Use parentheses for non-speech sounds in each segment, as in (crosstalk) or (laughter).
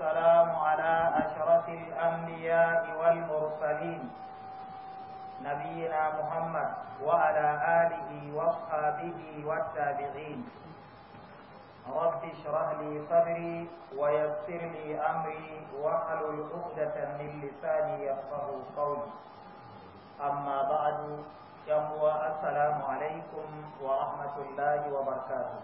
والسلام على أشرف الأنبياء والمرسلين نبينا محمد وعلى آله وصحابه والتابعين رب اشرح لي صدري ويسر لي أمري واحلل عقدة من لساني يفقه قولي أما بعد يوم السلام عليكم ورحمة الله وبركاته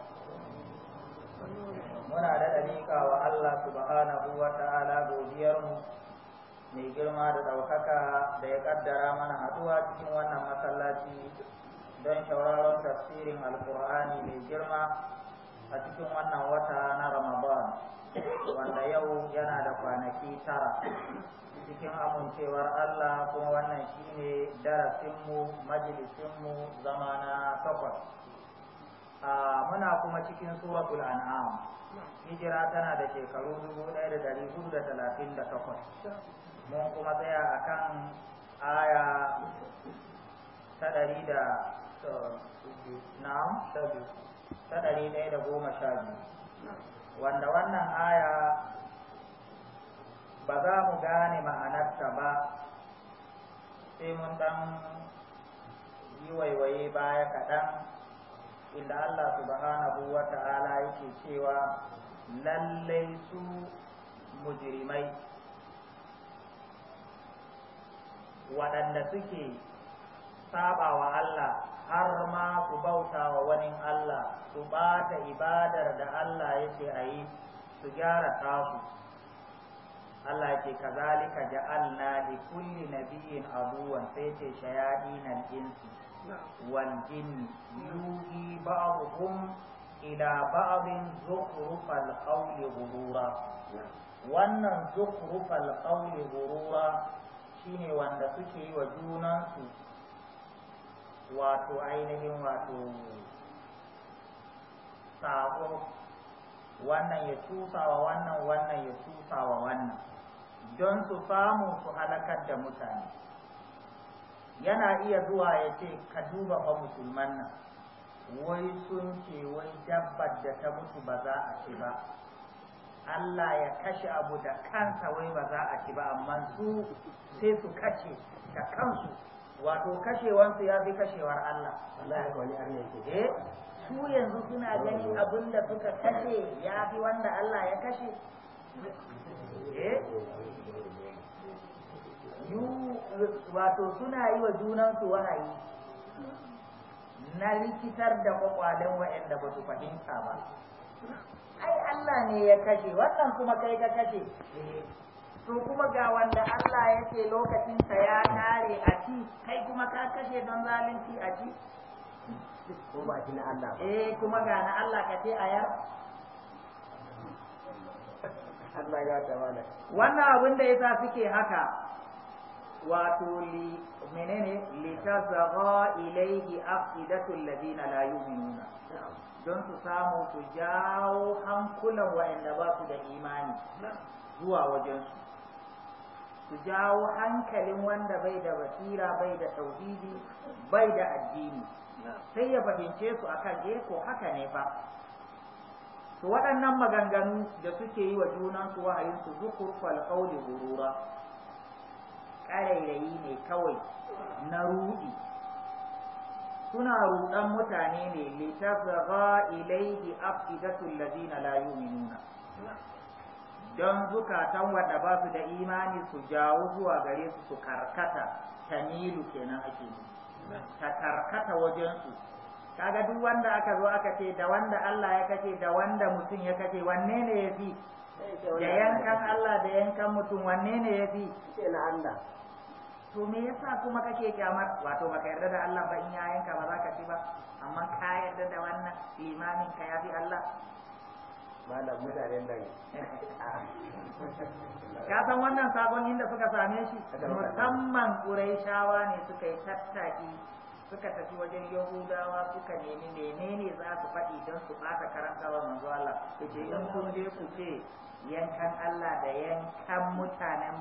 muna da dariƙa wa Allah subhanahu wa ta'ala godiyarmu mai girma da ɗaukaka da ya ƙaddara mana haɗuwa cikin wannan masallaci don shauraron tafsirin Alƙur'ani mai girma a cikin wannan wata na ramadan wanda yau yana da kwanaki tara cikin amincewar Allah kuma wannan shine darasinmu majalisinmu zama na takwas Ah, muna kuma cikin suratul an'am hijira tana da shekaru 1438 mun kuma tsaya a kan aya ta ɗari da goma sha biyu wanda wannan aya ba za mu gane ma'anarta ba sai mun ɗan yi waiwaye baya kaɗan inda Allah subhanahu wa ta'ala yake cewa lallai su mujirimai waɗanda suke sabawa Allah har ma ku bauta wa wani Allah su ɓata ibadar da Allah yake a yi su gyara tasu Allah ke kazalika ja'alna li kulli nabiyyin abuwan sai ce shayadinal insi والجن يوحي بعضهم إلى بعض زخرف القول غرورا wannan zukhrufal qawli ghurura shine wanda suke yi wa junansu wato ainihin wato sabo wannan ya wa wannan wannan ya wa wannan don su samu su halakar da mutane yana iya zuwa ya ce ka duba ba musulman nan wai sun ce wai dabbar da ta mutu ba za a ci ba Allah ya kashe abu da kansa wai ba za a ci ba amma su sai su kashe da kansu wato kashewansu ya fi kashewar Allah eh, su yanzu suna gani abin da suka kashe ya fi wanda Allah ya kashe eh? wato suna yi wa junansu wahayi na likitar da kwakwalen waɗanda ba su fahimta ba ai Allah ne ya kashe wannan kuma kai ka kashe eh, to kuma ga wanda Allah ya ce lokacinsa ya tare a ci kai kuma ka kashe don zalunci a ci ko ba na Allah eh kuma ga na Allah ka ce a yar Allah ya tawala wannan abin da yasa suke haka wato li menene li tazaga ilayhi afidatul ladina la yu'minuna don su samu su jawo hankulan waanda ba su da imani zuwa wajen su su jawo hankalin wanda bai da basira bai da tauhidi bai da addini sai ya fahimce su akan eh ko haka ne ba, to waɗannan maganganu da suke yi wa junansu wahayinsu zukur fal qawli ghurura ƙarairayi ne kawai na ruɗi suna ruɗan mutane ne litafgha ilaihi afidatul ladina la yu'minuna don zukatan wanda ba su da imani su jawo zuwa gare su su karkata tamilu kenan ake yi, ta karkata wajen su kaga duk wanda aka zo aka ce da wanda Allah ya kace da wanda mutum ya kace wanne ne yafi da yankan Allah da yankan mutum wanne ne yafi to me yasa kuma kake kyamar wato baka yarda da Allah ba in ya yanka ba za ka ci ba amma ka yarda da wannan limamin ka ya bi Allah malam nan ka san wannan sabon inda suka same shi musamman Qurayshawa ne suka yi tattaki suka tafi wajen Yahudawa suka nemi menene za su faɗi don su bata wa manzo Allah su je in kun je ku ce yankan Allah da yankan mutanen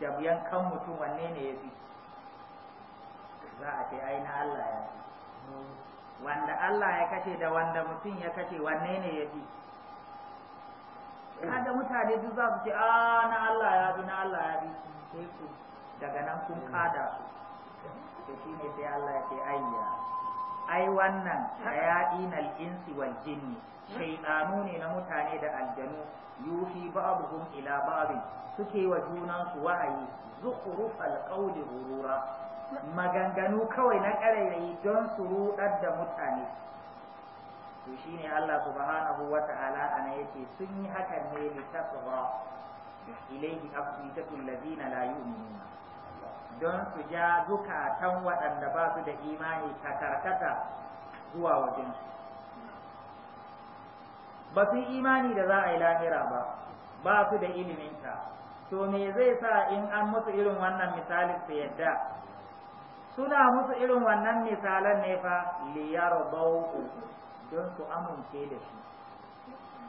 da kan mutum wanne ne ya fi za a ce ai na Allah ya fi wanda Allah ya kace da wanda mutum ya kace wanne ne ya fi kada mutane duk za su ce a na Allah ya fi na Allah ya fi sai su daga nan kun kada su shi ne sai Allah ya ce ayya ai wannan shayaɗin insi wal jinni hmm? shaiɗanu ne na mutane da aljanu yufi ba'dhum ila ba'd suke wa junansu wahayi zukhruf alqawli ghurura hmm? maganganu kawai na ƙarairayi don su rudar da mutane to shine Allah subhanahu wata'ala ana yake sun yi hakan ne litasgha ilayhi afidatul ladina la yu'minuna don su ja zukatan waɗanda ba su da imani ta zuwa wajen su ba su imani da za a yi lahira ba ba su da iliminta to me zai sa in an musu irin wannan misalin su yadda suna musu irin wannan misalan ne fa liyar don su amince da shi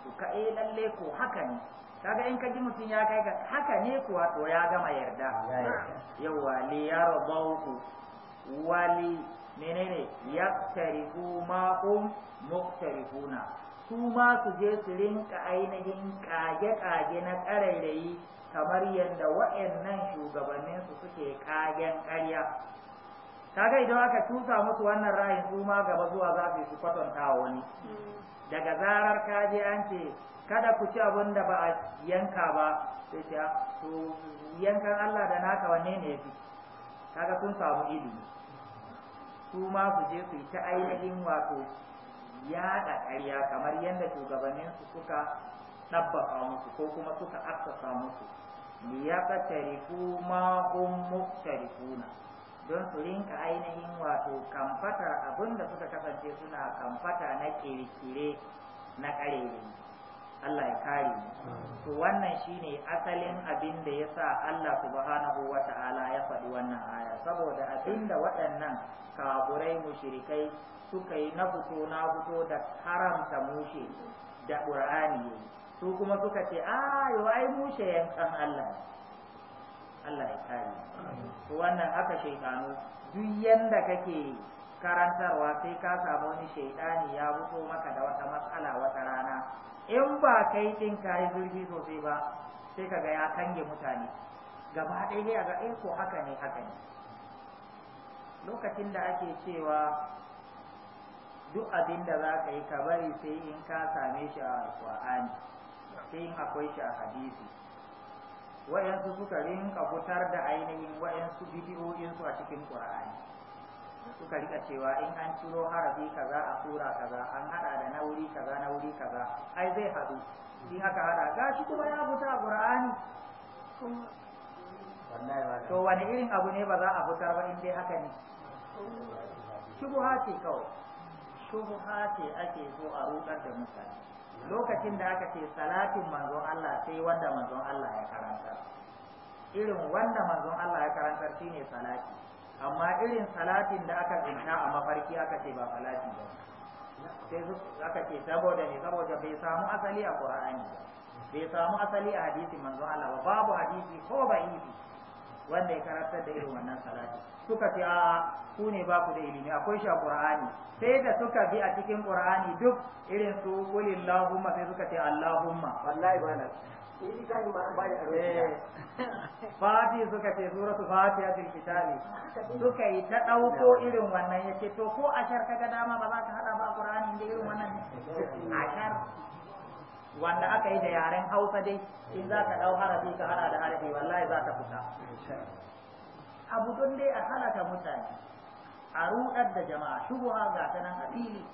su eh, lalle ko haka ne kaga in ka ji mutum ya kai ga haka ne kuwa to ya gama yarda yawa li yarbauku wali menene yaktarifu ma hum muktarifuna su ma su je su rinka ainihin kage-kage na ƙarairayi kamar yadda wa'annan shugabannin su suke kagen ƙarya kaga idan aka tusa musu wannan rayin su ma gaba zuwa za su su kwatanta wani hmm. daga zarar kaje an ce kada ku ci abin da ba a yanka ba sai ce to yankan Allah da naka wanne ne yafi kaga kun samu ilimi su ma su je su yi ta ainihin wato yaɗa ƙarya kamar yadda shugabanninsu suka ɗabbaka musu ko kuma suka assasa musu liyaqtarifu ma hum muqtarifuna don su rinka ainihin wato kamfatar abin da suka kasance suna kamfata na kirkire na ƙarere Allah ya kare to wannan shine asalin abin da yasa Allah subhanahu wa ta'ala ya faɗi wannan aya saboda abinda waɗannan kafurai mushrikai suka yi na fito na fito da haramta mushe da ƙur'ani yayi su kuma suka ce a yau ai mushe yankan Allah Allah ya kare to wannan haka shaitanu duk yanda kake karantarwa sai ka samu wani shaidani ya fito maka da wata matsala wata rana in ba kai din kayi zurfi sosai ba sai ka ga ya kange mutane gaba ɗaya ne a ga in eh, ko haka ne haka ne lokacin da ake cewa duk abin da za ka yi ka bari sai in ka same shi a alƙur'ani sai in akwai shi a hadisi wayansu suka rinka fitar da ainihin wayansu bidiyoyinsu a cikin ƙur'ani suka rika cewa in an ciro harafi kaza a sura kaza an hada da na'uri kaza na'uri kaza ai zai hadu in aka hada gashi kuma ya fita qur'ani to wani irin abu ne ba za a fitar ba in dai haka ne shubuha ce kawai shubuha ce ake so a rudar da mutane lokacin da aka ce salatin manzon Allah sai wanda manzon Allah ya karanta irin wanda manzon Allah ya karantar shine salati amma irin salatin da aka zinta a mafarki aka ce ba salati ba sai aka ce saboda ne saboda bai samu asali a qur'ani ba bai samu asali a hadisi manzo Allah ba babu hadisi ko ba ifi wanda ya karantar da irin wannan salati suka ce a ku ne ba ku da ilimi akwai shi a qur'ani sai da suka bi a cikin qur'ani duk irin su qulillahumma sai suka ce allahumma wallahi ba fati suka ce suratu a bil kitabi suka yi ta ɗauko irin wannan ya ce, to ko a ka ga dama ba za ka hada ba qur'ani da irin wannan shar wanda aka yi da yaren Hausa dai in za ka hara harafi ka hada da harafi wallahi za ka fita abu don dai a halaka mutane a ruɗar da jama'a shubuha ga ta nan a fili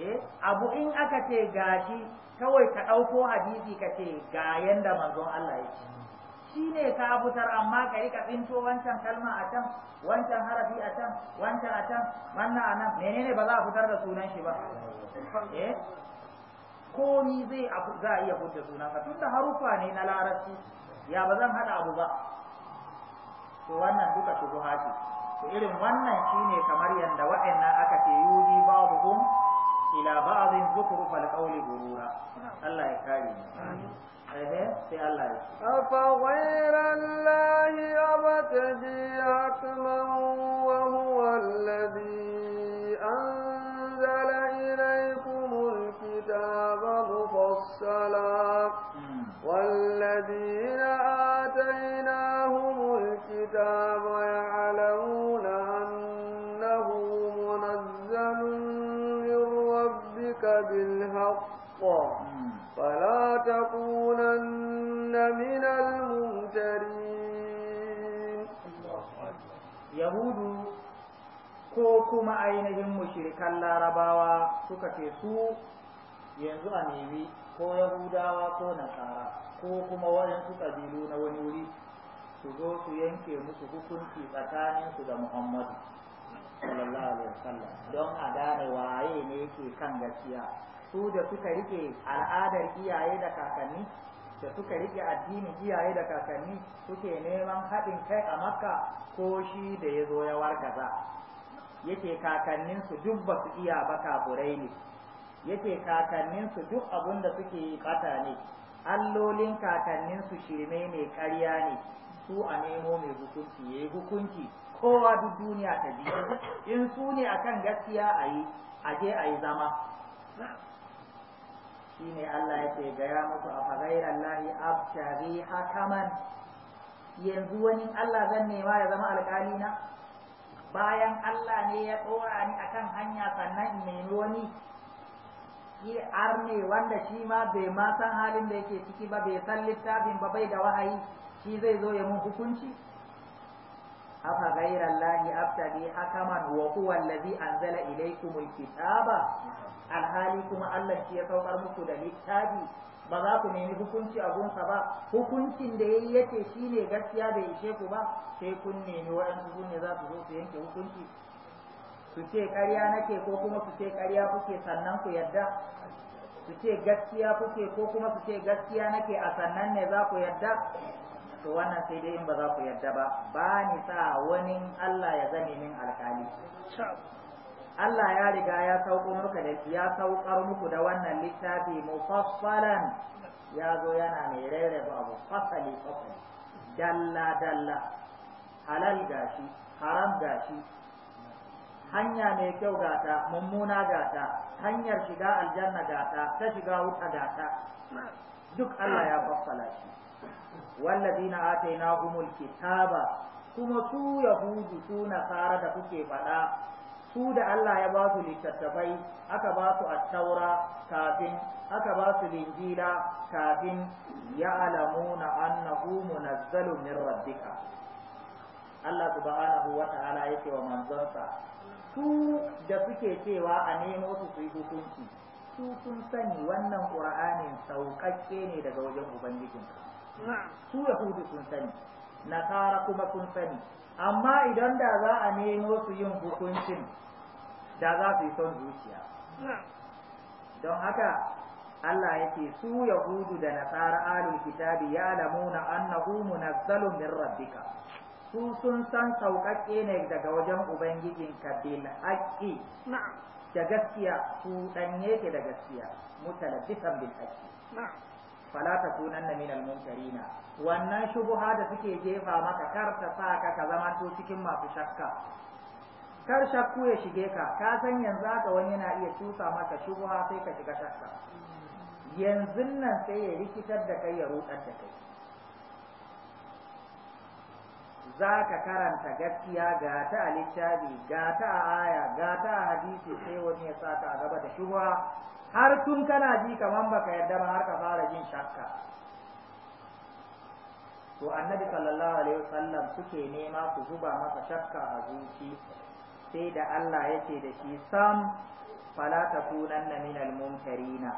eh abu in aka ce gashi kawai ka ɗauko hadisi ka ce ga yanda manzon Allah ya ce shi ne ka fitar amma ka rika tsinto wancan kalma a can wancan harafi a can wancan a can wannan a nan menene ba za a fitar da sunan shi ba eh? Ko ni zai za a iya fitar sunan ka tunda harufa ne na larabci ya ba zan hada abu ba to wannan duka shubuhati to irin wannan shine kamar yanda wa'annan aka ce babu babuhum ila ba'dhin zukhruf al-qawli ghurura Allah ya kare mu eh sai Allah ya afa ghayra allahi abtadi hatman wa huwa alladhi anzala ilaykum al-kitaba mufassala والذين آتيناهم الكتاب يعلمون بالحق فلا تكونن من المنكرين يهود ko kuma ainihin mushrikan larabawa suka ce su yanzu a nemi ko yahudawa ko nasara ko kuma waɗansu ƙabilu na wani wuri su zo su yanke musu hukunci tsakaninsu da muhammadu sallallahu alaihi wasallam don a gane waye ne yake kan gaskiya su da suka rike al'adar iyaye da kakanni da suka rike addinin iyaye da kakanni suke neman haɗin kai a makka ko shi da ya zo ya wargaza yake su duk ba su iya ba kafurai ne yake su duk abun da suke yi ne allolin su shirme ne ƙarya ne su a nemo mai hukunci yayi hukunci kowa duk duniya ta ji in su ne akan gaskiya a yi a zama shi ne Allah ya ce gaya muku a fagairar lahi abtari hakaman yanzu wani Allah zan nema ya zama alƙali na bayan Allah ne ya ɗora ni akan hanya sannan in nemi wani shi arne wanda shi ma bai ma san halin da yake ciki ba bai san littafin ba bai da wahayi shi zai zo ya mun hukunci afa ghayra allahi abtadi hakaman wa huwa allazi anzala ilaykum alkitaba alhali kuma Allah shi ya saukar muku da littafi ba za ku nemi hukunci a gunsa ba hukuncin da yayi yace shine gaskiya bai ishe ku ba sai kun nemi waɗansu su ne za su zo su yanke hukunci su ce ƙarya nake ko kuma su ce ƙarya kuke sannan ku yadda? su ce gaskiya kuke ko kuma su ce gaskiya nake a sannan ne za ku yadda? to wannan sai dai in ba za ku yarda ba ba ni sa wani Allah ya zame min alkali Allah ya riga ya sauko muku da ya saukar muku da wannan littafi mufassalan ya zo yana mai rere abu fasali fasali dalla dalla halal gashi haram gashi hanya mai kyau gata mummuna gata hanyar shiga aljanna gata ta shiga wuta gata duk Allah ya fassala shi wallazina atainahumul kitaba kuma su yahudu su nasara da kuke faɗa su da Allah ya ba su littattafai aka ba su attaura kafin aka ba su linjila kafin ya alamuna annahu munazzalun min rabbika Allah subhanahu wa ta'ala yake wa manzonsa su da suke cewa a nemo su su yi hukunci su sun sani wannan qur'ani sauƙaƙƙe ne daga wajen ubangijinka su yahudu sun sani nasara kuma sun sani amma idan da za a nemo su yin hukuncin da za su yi son zuciya don haka Allah ya ce su yahudu da nasara alul kitabi ya lamuna annahu munazzalun min rabbika su sun san sauƙaƙe ne daga wajen ubangijin Kabila da gaskiya su ɗanye ke da gaskiya mutalabbisan bil fala sunan minal munkarina wannan shubuha da suke jefa maka kar ta sa ka ka zama to cikin masu shakka kar shakku ya shige ka ka san yanzu haka wani yana iya cusa maka shubuha sai ka shiga shakka yanzu nan sai ya rikitar da kai ya rudar da kai za ka karanta gaskiya ga ta a littafi ga ta a aya ga ta a hadisi sai wani ya sa ka gaba da shubuha har tun kana ji kaman baka yarda ba har ka fara jin shakka to annabi sallallahu alaihi wasallam suke nema ku zuba masa shakka a zuci sai da Allah yake da shi sam fala min al mumtarina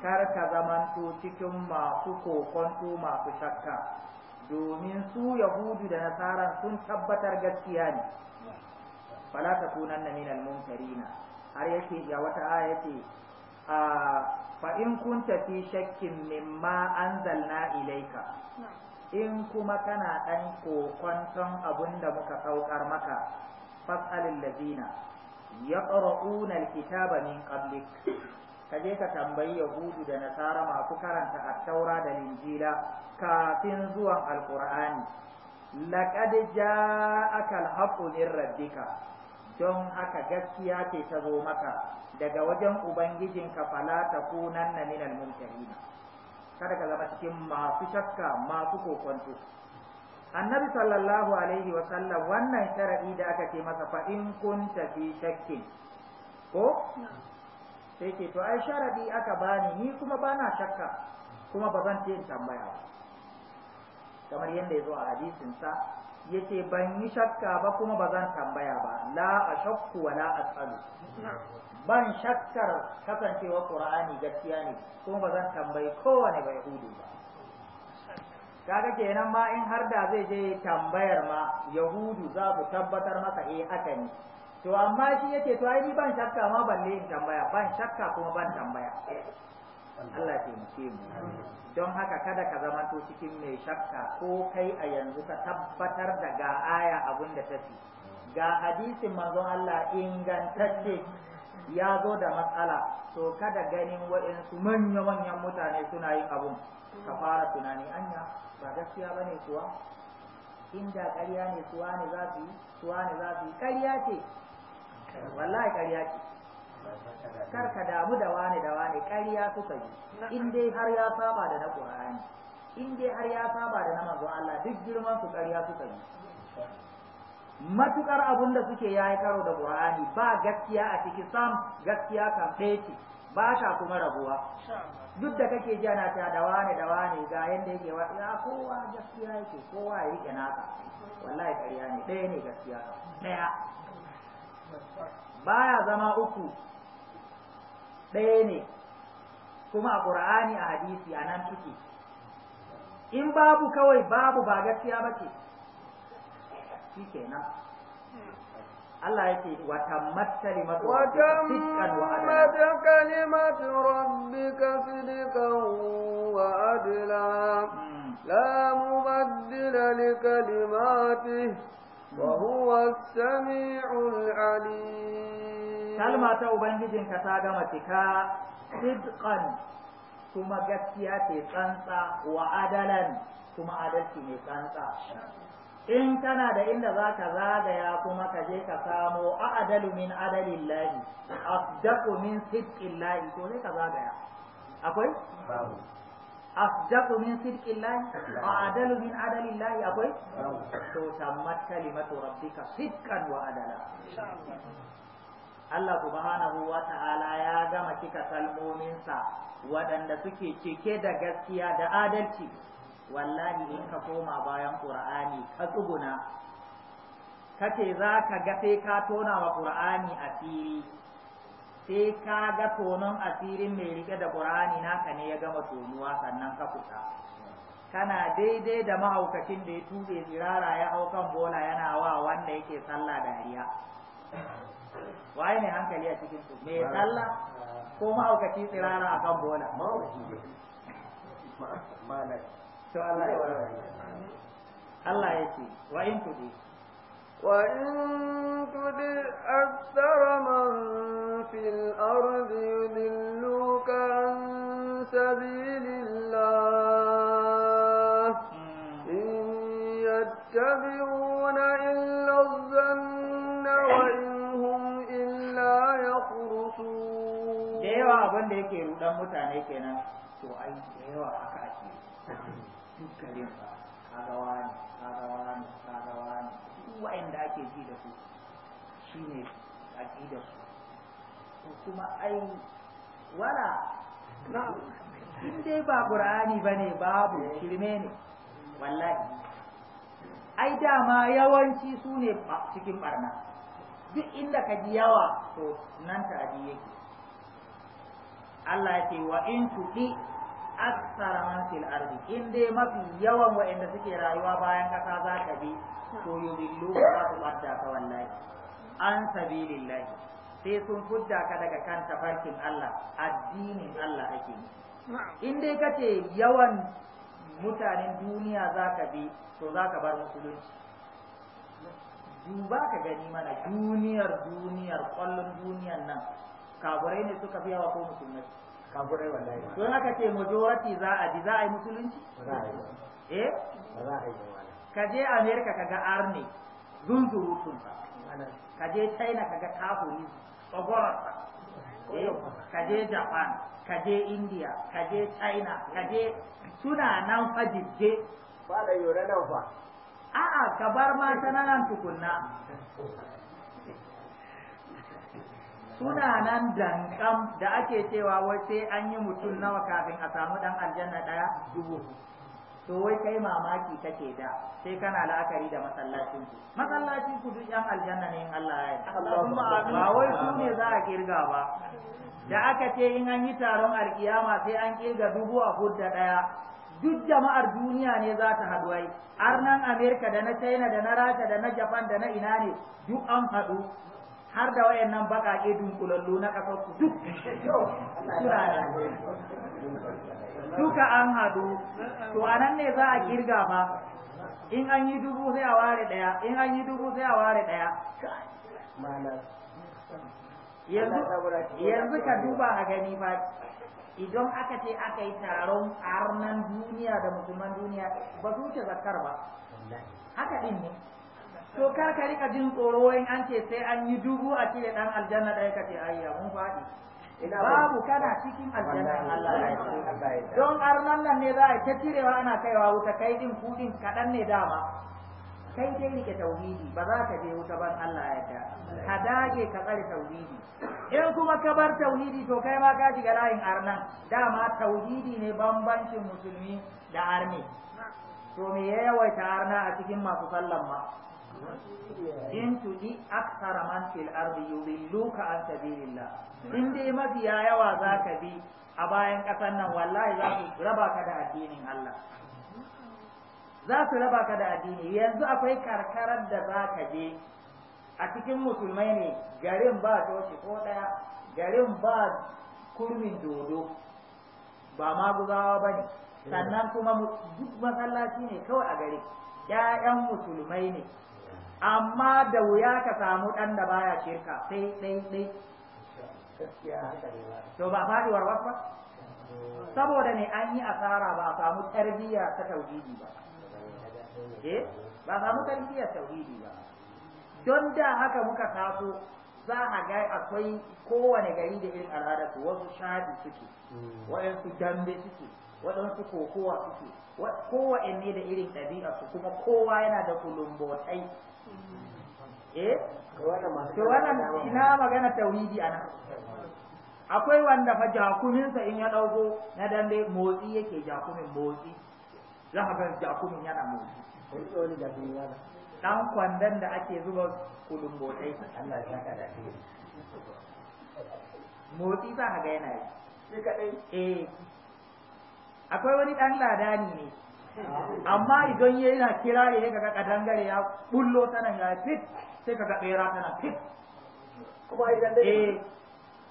kar ka zamanto cikin masu kokonto masu shakka domin su yahudu da nasara sun tabbatar gaskiya ne fala min al mumtarina har yake ya wata aya yake fa in kunta fi shakkin mimma anzalna ilaika in kuma kana dan kokonton abin da muka saukar maka fas'alil ladina yaqra'una alkitaba min qablik kaje ka tambayi yahudu da nasara masu karanta at-taura da injila kafin zuwan alqur'ani laqad ja'aka alhaqqu min rabbika don haka gaskiya ce ta zo maka daga wajen ubangijinka fala ta kunanna minal mumtahin kada ka zama cikin masu shakka masu kokonto annabi sallallahu alaihi wa sallam wannan sharadi da aka ce masa fa in kunta fi shakkin ko sai ke to ai sharadi aka bani ni kuma bana shakka kuma ba zan ce tambaya kamar yadda ya zo a hadisin sa yace ban yi shakka ba kuma bazan tambaya ba la ashakku wa la as'alu ban shakkar kasancewa qur'ani gaskiya ne kuma bazan tambayi kowane ba yahudi ba kaga kenan ma in har da zai je tambayar ma yahudu za ku tabbatar masa eh haka ne to amma shi yace to ai ban shakka ma balle in tambaya ban shakka kuma ban tambaya Allah taimake mu don haka kada ka zama to cikin mai shakka ko kai a yanzu ka tabbatar da ga aya abin da ta ce ga hadisin manzo Allah ingantacce ya zo da matsala to kada ganin waɗansu manya-manyan mutane suna yin abun ka fara tunani anya ba gaskiya ba ne kuwa inda ƙarya ne suwa ne za su yi suwa ne za su yi ƙarya ce wallahi ƙarya ce kar ka damu da wani da wani ƙarya suka yi in dai har ya saba da na Qur'ani in dai har ya saba da na manzo Allah duk girman su ƙarya suka yi matukar abun da suke yayi karo da Qur'ani ba gaskiya a ciki sam gaskiya kan ɗaya ce ba ta kuma rabuwa duk da kake ji ana ta da wani da wani ga yanda yake wa ya kowa gaskiya yake kowa ya rike naka wallahi ƙarya ne ɗaya ne gaskiya ɗaya baya zama uku ɗaya ne kuma a ƙura'ani a hadisi a nan suke in babu kawai babu ba gaskiya ba ce shi kenan Allah yake wa tammat kalimatu rabbika sidqan wa adla hmm. la mubaddila likalimatihi wa huwa as-sami'ul 'alim kalma ta ubangijinka ta gama cika sidqan kuma gaskiya ce tsantsa wa adalan kuma adalci ne tsantsa in kana da inda za ka zagaya kuma ka je ka samo a'adalu min adalin lahi asdaqu min sidqin lahi to sai ka zagaya akwai asdaqu min sidqin lahi a'adalu min adalin lahi akwai to tammat kalimatu rabbika sidqan wa adala Allah subhanahu wa ta'ala ya gama cika kalmominsa waɗanda suke cike da gaskiya da adalci wallahi in ka koma bayan ƙur'ani ka tsuguna kace za ka ga sai ka tona wa ƙur'ani asiri sai ka ga tonon asirin mai rike da ƙur'ani naka ne ya gama tonuwa sannan ka fita kana daidai da mahaukacin da ya tube tsirara ya hau kan bola yana wa wanda yake sallah dariya waye ne hankali a cikin su mai sallah ko ma'aukaci tsirara a kan bola to Allah ya Allah ya ce wa in tudi wa in tudi aktsara man fil ardi yudilluka an sabilillah hmm. in yattabi'u abin da yake rudan mutane kenan to ai da yawa haka ake dukkanin ba kagawa ne kagawa ne kagawa ne duk wa'anda ake ji da su shine aqidar su to kuma ai wala na in dai ba qur'ani bane babu shirme ne wallahi ai dama yawanci su ne cikin barna duk inda ka ji yawa to nan tadi yake Allah ya ce wa in tuɗi aksara man fil ardi in dai mafi yawan waɗanda suke rayuwa bayan kasa za ka bi to yuzillu ba su bada ka wallahi an sabilillahi sai sun fudda ka daga kan tafarkin Allah addinin Allah ake in dai kace yawan mutanen duniya za ka bi to za ka bar musulunci duba ka gani mana duniyar duniyar kwallon duniyar nan kaburai ne suka fi yawa ko musulmai kaburai wallahi don haka ce majority za a ji za a yi musulunci eh ka je america ka ga arne zunzurutunsa ka je china ka ga kafuri tsagorarsa eh? ka je japan ka je india ka je china ka je suna nan fa jibge ba da yore nan fa a'a ka bar ma na nan tukunna suna nan dankam da ake cewa wai sai an yi mutum nawa kafin a samu dan aljanna daya dubu to wai kai mamaki kake da sai kana la'akari da masallacin ku masallacin ku duk yan aljanna ne in Allah ya yarda ba wai su ne za a kirga ba da aka ce in an yi taron alkiyama sai an kirga dubu a hudda daya duk jama'ar duniya ne za ta haɗu ai arnan amerika da na china da na rasha da na japan da na ina ne duk an haɗu har da wayannan baƙaƙe dunkulallu na ƙasar su duk turara duka an hadu to anan ne za a kirga ba in an yi dubu sai a ware ɗaya in an yi dubu sai a ware daya yanzu ka duba a gani ba idan aka ce aka yi taron arnan duniya da musulman duniya ba su zakar ba haka ɗin ne to kar ka rika jin tsoro in an ce sai an yi dubu a cire dan aljanna ɗaya ka ce ayya mun faɗi babu kana cikin aljanna Allah. don arnan nan ne za a ta cirewa ana kaiwa wuta kai din kudin kaɗan ne dama kai dai rike tauhidi ba za ka je wuta ban Allah ya ta ka dage ka tsare tauhidi Idan kuma ka bar tauhidi to kai ma ka shiga layin arnan dama tauhidi ne bambancin musulmi da arni to me ya yawaita arna a cikin masu sallan ma in tudi aksara man fil ardi yudilluka an sabilillah in dai mafiya yawa zaka bi a bayan kasan nan wallahi za su raba ka da addinin Allah za su raba ka da addini yanzu akwai karkarar da zaka ka je a cikin musulmai ne garin ba toshi ko ɗaya garin ba kurmin dodo ba gudawa ba ne sannan kuma duk masallaci ne kawai a gari 'ya'yan musulmai ne amma da wuya ka samu ɗan da baya shirka sai ɗai ɗai to ba faɗi warwas ba eh. saboda ne an yi asara ba a samu tarbiyya ta tauhidi ba eh ba samu tarbiyyar tauhidi ba don da haka muka taso za a ga akwai kowane gari da irin al'adarsu wasu shaɗi suke hmm. waɗansu dambe suke waɗansu kokowa suke kowa ne da irin ɗabi'a su, kuma kowa yana da kulumbotai eh to wannan ina magana tauhidi ana akwai wanda fa jakumin sa in ya dauko na dambe motsi yake jakumin motsi za ka ga jakumin yana motsi dan kwandon da ake zuba kudin motsi Allah ya saka da shi motsi ba ga yana yi eh akwai wani dan ladani ne ah. amma idan yana kira ya ga kadangare ya bullo tana ya fit sai ka kaga bera tana fit kuma idan dai eh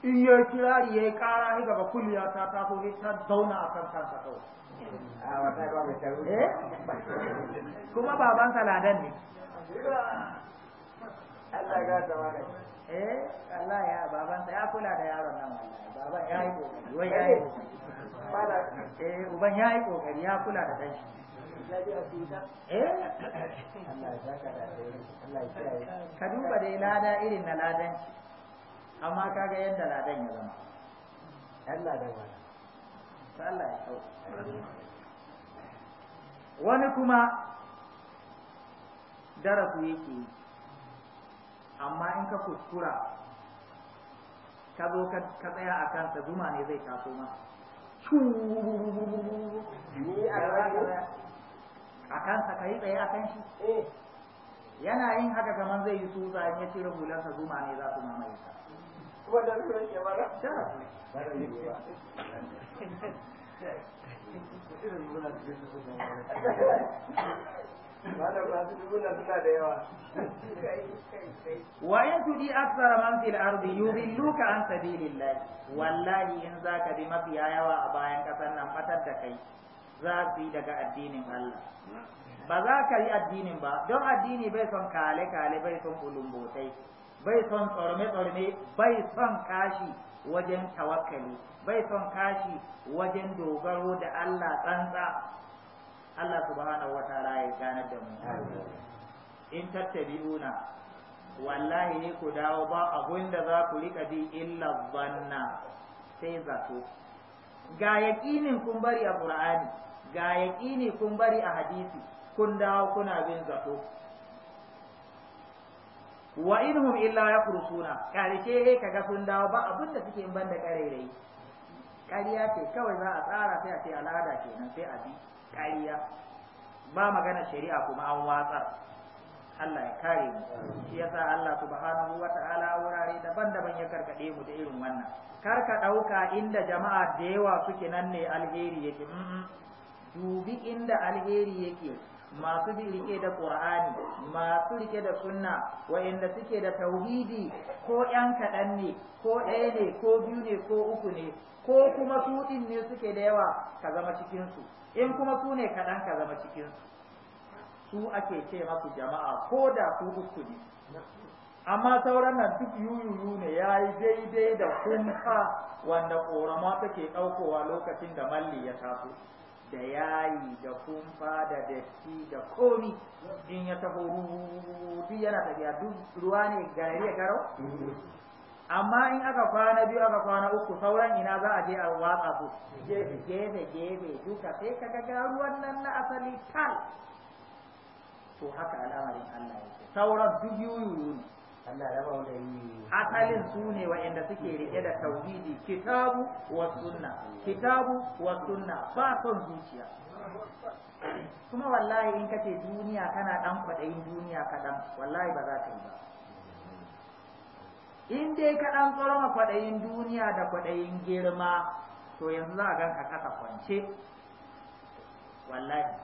in ya kirari yayi ƙara ni gaba kulliya ta taso ne ta zauna a kan kansa kawai eh? kuma baban saladan ne Allah ya gata mana eh Allah ya baban sa ya kula da yaron nan wallahi baban yayi kokari wai yayi kokari eh, eh uban yayi kokari ya kula da kanshi Eh? (laughs) ka duba dai lada irin na ladanci amma kaga yadda ladan ya zama Allah da wani ya wani kuma darasu yake yi amma in ka kuskura ka zo ka tsaya a kansa zuma ne zai taso masa a kansa ka yi tsaye a kan eh. yana yin haka kamar zai yi tsutsa in ya cire hulansa zuma ne za su mamaye ta wa in tudi aksara man fil ardi yudilluka an sabilillah wallahi in zaka bi mafiya yawa a bayan kasar nan fatar da kai za su daga addinin Allah ba za ka yi addinin ba don addini bai son kale-kale bai son bulumbotai bai son tsorme-tsorme bai son kashi wajen tawakkali bai son kashi wajen dogaro da Allah tsantsa Allah subhanahu ta'ala ya ganar da mu in tattabi'una wallahi ne ku dawo ba abun da za ku rika bi illa zanna sai zato ga yaƙinin kun bari a qur'ani ga yaƙini kun bari a hadisi kun dawo kuna bin zato wa inhum illa yakhrusun ce he kaga sun dawo ba abin da suke in banda karerai ƙarya ce kawai za a tsara sai a ce al'ada kenan sai a bi ƙarya ba magana shari'a kuma an watsar Allah ya kare mu shi yasa Allah subhanahu wa ta'ala wurare daban-daban ya karkade mu da irin wannan kar ka dauka inda jama'a da yawa suke nan ne alheri yake dubi inda alheri yake masu bi rike da qur'ani masu rike da sunna wayanda suke da tauhidi ko yan kaɗan ne ko ɗaya ne ko biyu ne ko uku ne ko kuma su din ne suke da yawa ka zama cikin su in kuma su ne kaɗan ka zama cikin su su ake ce masu jama'a ko da su uku ne amma sauran nan duk yuyuyu ne ya yi daidai da kumfa wanda ƙorama take ɗaukowa lokacin da malli ya taso da yayi da kumfa da datti da komi in ya taho duk yana tafiya duk ruwa ne garare garo amma in aka kwana biyu aka kwana uku sauran ina za a je a watsa su gefe gefe duka sai ka ga ruwan nan na asali tal to haka al'amarin Allah yake sauran duk yuyu ne asalin su ne inda suke riƙe da tauhidi kitabu wa sunna kitabu wa sunna ba son zuciya kuma wallahi in kace duniya kana dan kwadayin duniya kaɗan, wallahi ba za ka yi ba in dai ka dan ma kwadayin duniya da kwadayin girma to yanzu za ka ganka kasa kwance wallahi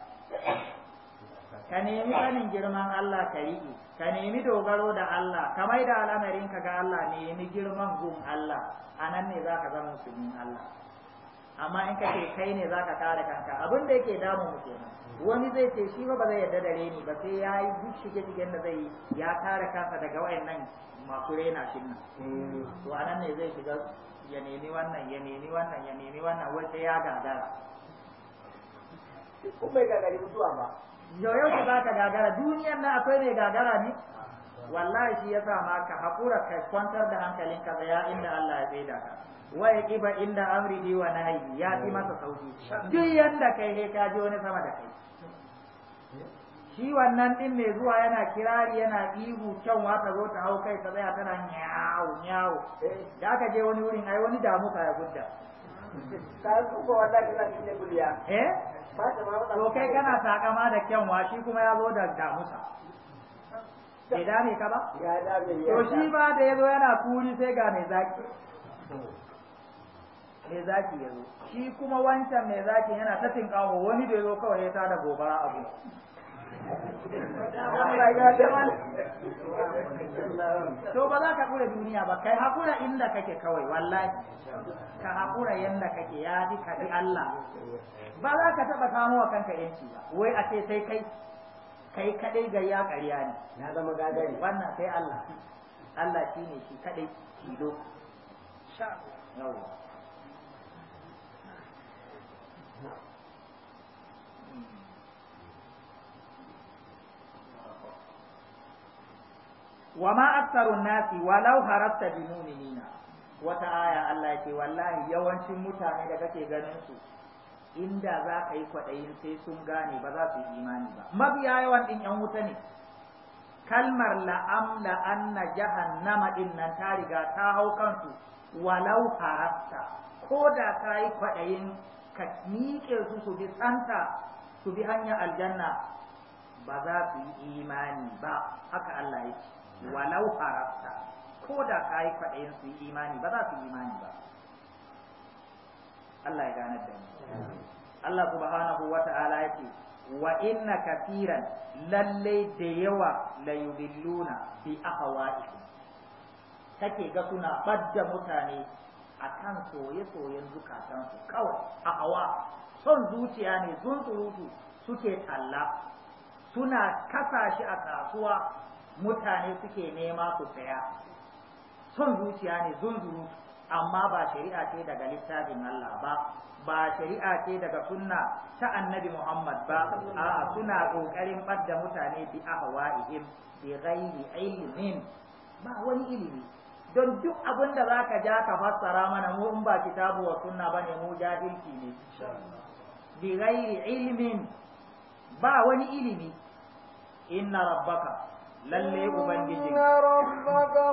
ka nemi sanin girman Allah ka riƙe ka nemi dogaro da Allah ka mai da al'amarin ka ga Allah nemi girman gun Allah a nan ne za ka zama musulmin Allah amma in ka ce kai ne za ka kare kanka abin da yake damu mu wani zai ce shi ba zai yarda da reni ba sai ya yi duk shige shigen da zai yi ya kare kansa daga wayannan masu rena shi nan to a nan ne zai shiga ya nemi wannan ya nemi wannan ya nemi wannan wata ya gagara kun bai gagari mutuwa ba yau yau za ka gagara duniyar na akwai mai gagara ne wallahi shi yasa ma ka haƙura ka kwantar da hankalinka tsaya inda Allah ya da ka wa ya ƙiba inda di wa nahi ya fi masa sauki duk yanda kai ne ka ji wani sama da kai shi wannan din ne zuwa yana kirari yana ihu kyanwa ta zo ta hau kai ta tsaya tana nyawo nyawo da aka je wani wurin ai wani damu ka ya gudda ka tsufa wallahi ka zaki ne buliya eh to kai kana sakama da kyanwa shi kuma ya zo da damusa bai dame ka ba to shi ba da ya yana kuri sai ga mai zaki mai zaki ya zo shi kuma wancan mai zaki yana ta tinkawo wani da ya zo kawai ya tada gobara abu to ba za ka kura duniya ba kai hakura inda kake kawai wallahi ka hakura yanda kake ya fi ka Allah ba za ka taɓa samu wa kanka yanci ba wai a ce sai kai kai kaɗai ga ya ƙarya ne na zama gagari wannan sai Allah Allah shi ne shi kaɗai, shi do sha wa ma nasi walau harasta bi mu'minina wata aya Allah ke wallahi yawancin mutane da kake ganin su inda za ka yi kwaɗayin sai sun gane ba za su yi imani ba mabiya yawan ɗin ‘yan wuta ne kalmar la'am la'anna jahannama ɗin nan ta riga ta hau kansu walau harasta ko da ka yi kwaɗayin ka miƙe su su bi tsanta su bi hanyar aljanna ba za su yi imani ba haka Allah yake walau harafta ko da ka yi kwaɗayin su yi imani ba za su yi imani ba Allah ya ganar da mu Allah subhanahu wa ta'ala ya ce wa inna kafiran lallai da yawa la yudilluna bi ahwa'ihim kake ga suna badda mutane akan soye-soyen su kawai a hawa son zuciya ne zunzurutu suke talla suna kasa a kasuwa mutane suke nema ku saya son zuciya ne zunzuru amma ba shari'a ce daga littafin Allah ba ba shari'a ce daga sunna ta annabi Muhammad ba a suna kokarin badda mutane bi ahwa'ihim bi ghairi ilmin ba wani ilimi don duk abin da zaka ja ka fassara mana mu in ba kitabu wa sunna bane mu jahilci ne bi ghairi ilmin ba wani ilimi inna rabbaka lalle ubangijin inna rabbaka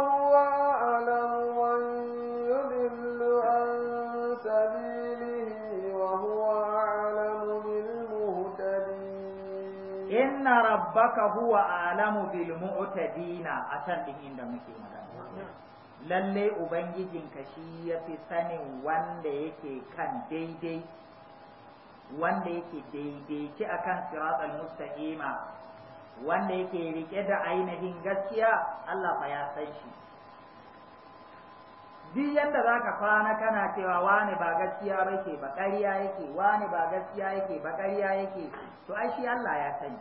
huwa a'lamu bil muhtadina atan din inda muke magana lalle ubangijin ka shi yafi sanin wanda yake kan daidai wanda yake daidai ki akan siratal mustaqima wanda yake rike da ainihin gaskiya Allah fa ya san shi duk yadda za ka kwana kana cewa wani ba gaskiya ba ke ba ƙarya yake wani ba gaskiya yake ba ƙarya yake to ai shi Allah ya sani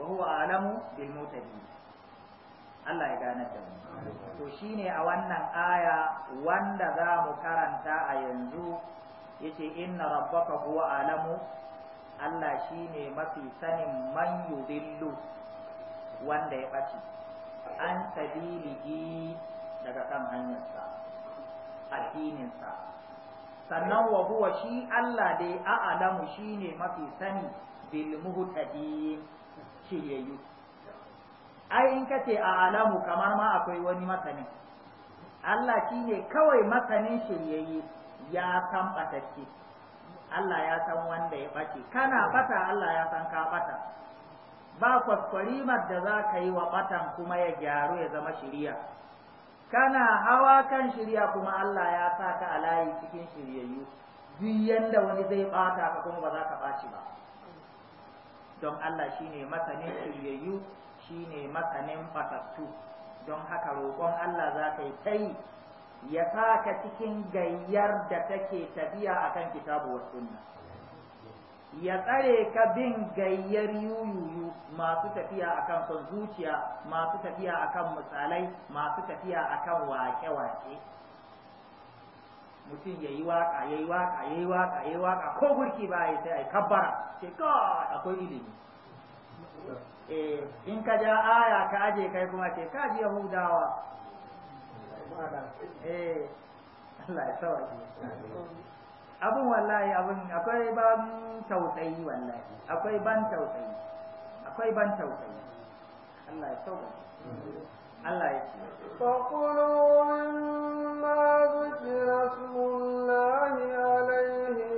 wa huwa alamu bil mutadi Allah ya gane da mu to shine a wannan aya wanda za mu karanta a yanzu yace inna rabbaka huwa alamu Allah shi ne mafi sanin man yudillu wanda ya ɓace an sabilihi daga kan hanyarsa addininsa sannan wa huwa shi Allah dai a'lamu shi ne mafi sani bil muhtadin shiryayyu ai in ka ce a a'lamu kamar ma akwai wani masanin Allah shi ne kawai masanin shiryayye ya san batacce Allah ya san wanda ya ɓace kana ɓata Allah ya san ka ɓata ba kwaskwarimar da za ka yi wa ɓatan kuma ya gyaru ya zama shiriya kana hawa kan shirya kuma Allah ya sa ka a layi cikin shiryayyu duk yanda wani zai ɓata ka kuma ba za ka ɓaci ba don Allah shine masanin shiryayyu shine masanin fatattu don haka roƙon Allah za ka yi ta ya sa ka cikin gayyar da take tafiya akan kitabu wa sunna ya tsare ka bin gayyar yuyuyu masu tafiya akan kan zuciya masu tafiya a kan misalai masu tafiya a kan wake-wake mutum ya yi waka ya yi waka ya yi waka ya yi waka ko gurki ba ya sai kabbara ce kawai akwai ilimi eh, in ka ja aya ka aje kai kuma ce ka ji yahudawa eh Allah ya sauke abun wallahi abin akwai ban tausayi wallahi akwai ban tausayi akwai ban tausayi Allah ya sauke Allah ya ce فقلوا مما ذكر اسم الله alaihi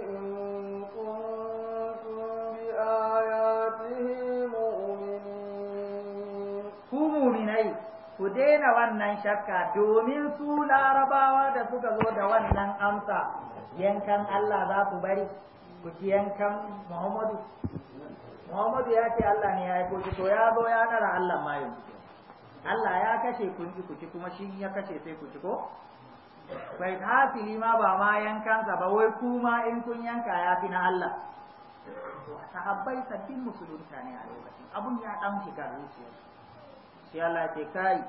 ku daina wannan shakka domin su larabawa da suka zo da wannan amsa yankan Allah za ku bari ku ci yankan Muhammadu Muhammadu ya ce Allah ne ya yi koki to ya zo ya ɗara Allah ma yi Allah ya kashe kun ki ku ci kuma shi ya kashe sai ku ci ko bai hasili ma ba ma yankansa ba wai kuma in kun yanka ya fi na Allah sahabbai sabbin musulunta ne a lokacin abun ya ɗan shiga zuciyarsu sai Allah ce kai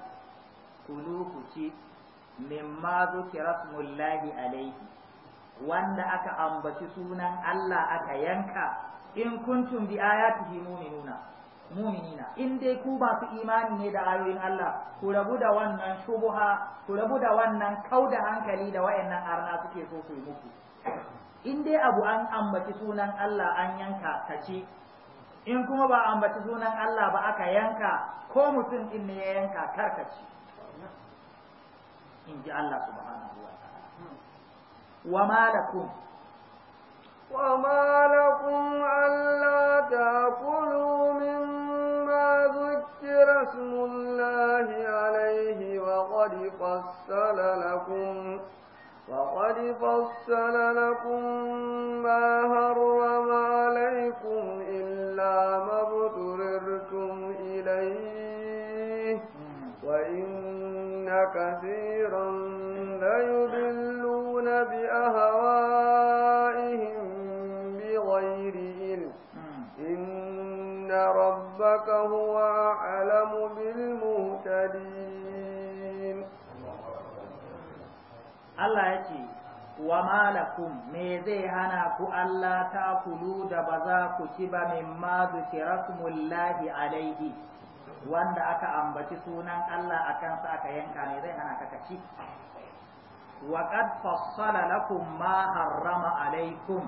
kulu ku ci mimma zukira smullahi alaihi wanda aka ambaci sunan Allah aka yanka in kuntum bi ayatihi mu'minuna mu'minina in dai ku ba su imani ne da ayoyin Allah ku rabu da wannan shubuha ku rabu da wannan kauda hankali da wayannan arna suke so su yi muku in dai abu an ambaci sunan Allah an yanka kace in kuma ba ambaci sunan Allah ba aka yanka ko mutum din ne ya yanka karkaci in ji Allah subhanahu wa ta'ala wa malakum wa malakum alla taqulu mimma dhukira smullahi alayhi wa qad fassala lakum وقد فصل لكم ما هرم عليكم ما إليه وإن كثيرا ليضلون بأهوائهم بغير علم إن ربك هو أعلم بالمهتدين الله يكي wa malakum me zai hana ku Allah ta kulu da ba za ku ci ba min ma zikirakullahi alaihi wanda aka ambaci sunan Allah a kansa aka yanka me zai hana ka kaci wa qad fassala lakum ma harrama alaikum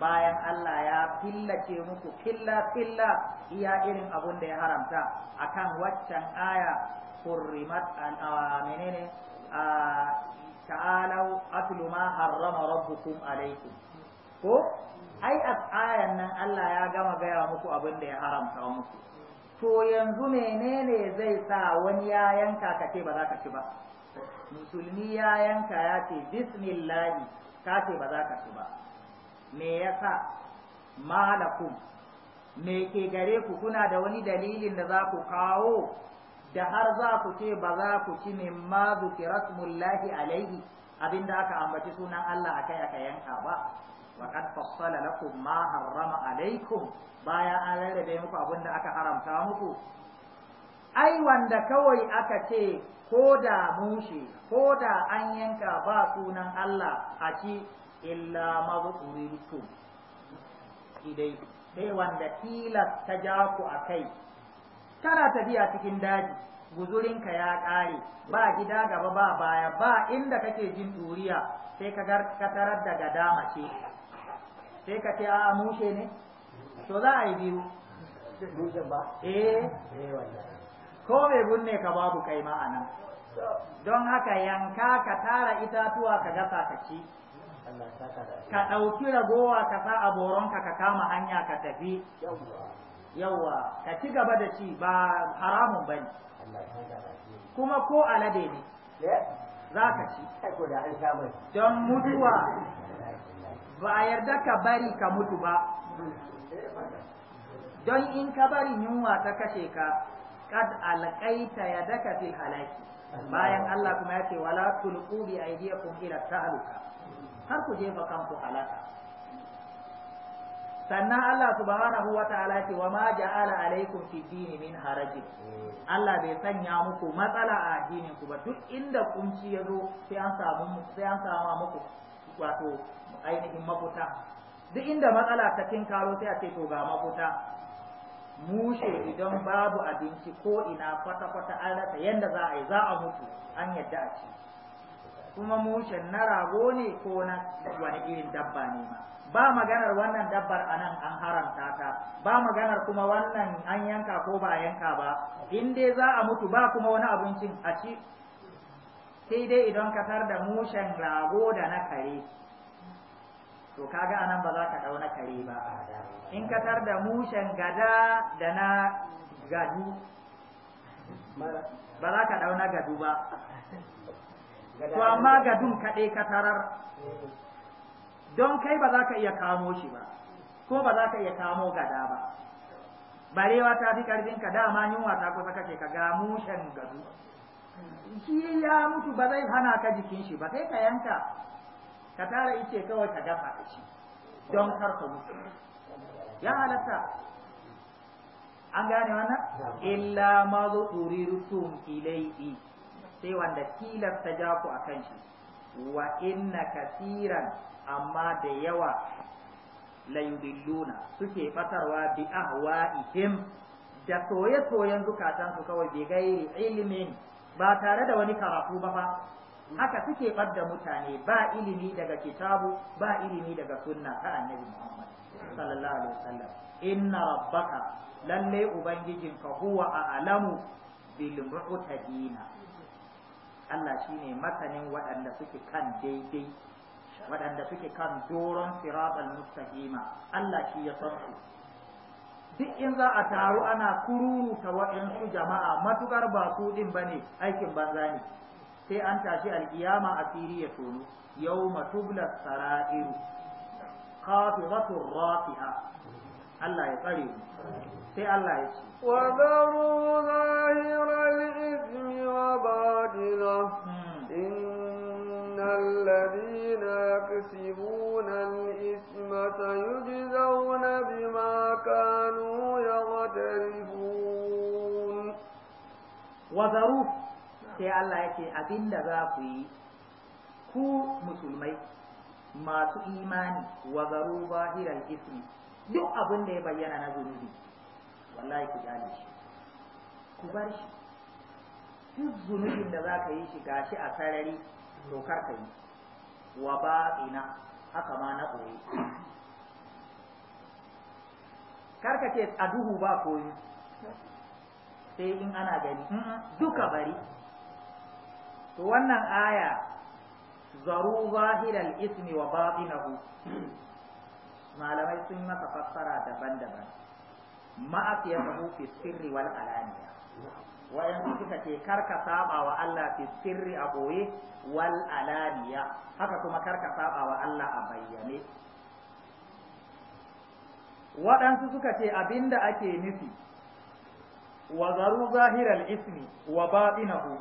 bayan Allah ya fillace muku filla filla iya irin abun da ya haramta akan waccan aya hurrimat an ah, menene ah, ta'alau atlu ma harrama rabbukum alaikum ko ai a ayan nan Allah ya gama gaya muku abin da ya haramta muku to yanzu menene zai sa wani ya yanka ka ba za ka ci ba musulmi ya yanka ya ce bismillahi ka ce ba za ka ci ba me yasa malakum me ke gare ku kuna da wani dalilin da za ku kawo da har za ku ce ba za ku ci min mimma zukirasmullahi alaihi abinda aka ambaci sunan Allah akai aka yanka ba wa kad fassala lakum ma harrama alaikum baya an da muku abinda aka haramta muku ai wanda kawai aka ce ko da mushi ko da an yanka ba sunan Allah a ci illa mazkuritum idai dai wanda tilas ta ja ku akai kana tafiya cikin daji guzurinka ya ƙare ba gida gaba ba baya ba inda kake jin ɗuriya sai ka tarar da gadama ce sai ka ce a mushe ne to za a yi biyu eh, eh ko mai gunne ka babu kai ma don haka yanka ka tara itatuwa ka gasa ka ci ka ɗauki ragowa ka sa a boronka ka kama hanya ka tafi yawa ka ci gaba da ci ba haramun ba ne kuma ko alade ne eh? za ka ci don mutuwa (laughs) ba a yarda ka bari ka mutu ba don in ka bari yunwa ta kashe ka kad alƙaita ya daka fil halaki bayan Allah kuma ya ce wala tulqu bi aydiyakum ila ta'aluka har ku jefa kanku halaka sannan Allah subhanahu wa ta'ala ce wa ma ja'ala alaikum fi dini min harajin Allah bai sanya muku matsala a addinin ku ba duk inda kunci ya zo sai an samu sai an samu muku wato ainihin mafuta duk inda matsala ta karo sai a ce to ga mafuta mushe idan babu abinci ko ina kwata-kwata an rasa yadda za a yi za a mutu an yadda a ci kuma mushen na rago ne ko na wani irin dabba ne ma ba maganar wannan dabbar anan an haramta ta ba maganar kuma wannan an yanka ko ba yanka ba in dai za a mutu ba kuma wani abincin a ci sai dai idan ka tar da mushen rago da na kare to kaga anan ba za ka dau na kare ba in ka tar da mushen gada da na gadu ba za ka dau na gadu ba to amma gadun kaɗai ka tarar don kai ba za ka iya kamo shi ba ko ba za ka iya kamo gada ba barewa ta fi ƙarfinka dama yunwa ta kusa kake ka ga mushen gadu shi ya mutu ba zai hana ka jikin shi ba sai ka yanka ka tara ice kawai ka dafa shi don kar ka mutu ya halatta an gane wannan illa ma zo turirutum ilaihi sai wanda tilasta ja ku akan shi wa inna kasiran amma da yawa la yudilluna suke fatarwa bi ahwa'ihim da soye-soyen zukatansu kawai bi gairi ilimin ba tare da wani karatu ba fa haka suke da mutane ba ilimi daga kitabu ba ilimi daga sunna ta annabi Muhammad sallallahu alaihi wasallam inna rabbaka lalle ka huwa a'lamu bil mu'tadina Allah shi ne masanin waɗanda suke kan daidai waɗanda suke kan doron siratal mustahima Allah shi ya san su duk in za a taru ana kururuta waɗansu jama'a matuƙar ba su din ne, aikin banza ne sai an tashi alƙiyama a fili ya tono yau tubla sara'iru qafidatur rafi'a Allah ya tsare mu sai Allah ya ce wa daru zahiral ismi wa batina innal ladina yakسبون الإثم سيجزون بما كانوا wa وذروا sai Allah ya ce abinda za ku yi ku musulmai masu imani wa zaru bahiral ismi duk abin da ya bayyana na zunubi wallahi ku gane shi ku bar shi duk zunubin da za ka yi shi gashi a sarari dokar ka yi wa ina, haka ma na ɓoye ka ce a duhu ba koyi sai in ana gani duka bari to wannan aya zaru zahiral ismi wa Ba'inahu. malamai sun yi masa fassara daban-daban ma'asiyatahu fi sirri wal alaniya wayan suka ce karka saba wa Allah fi sirri a boye wal alaniya haka kuma karka saba wa Allah a bayyane waɗansu suka ce abinda ake nufi wa zaru zahiral ismi wa batinahu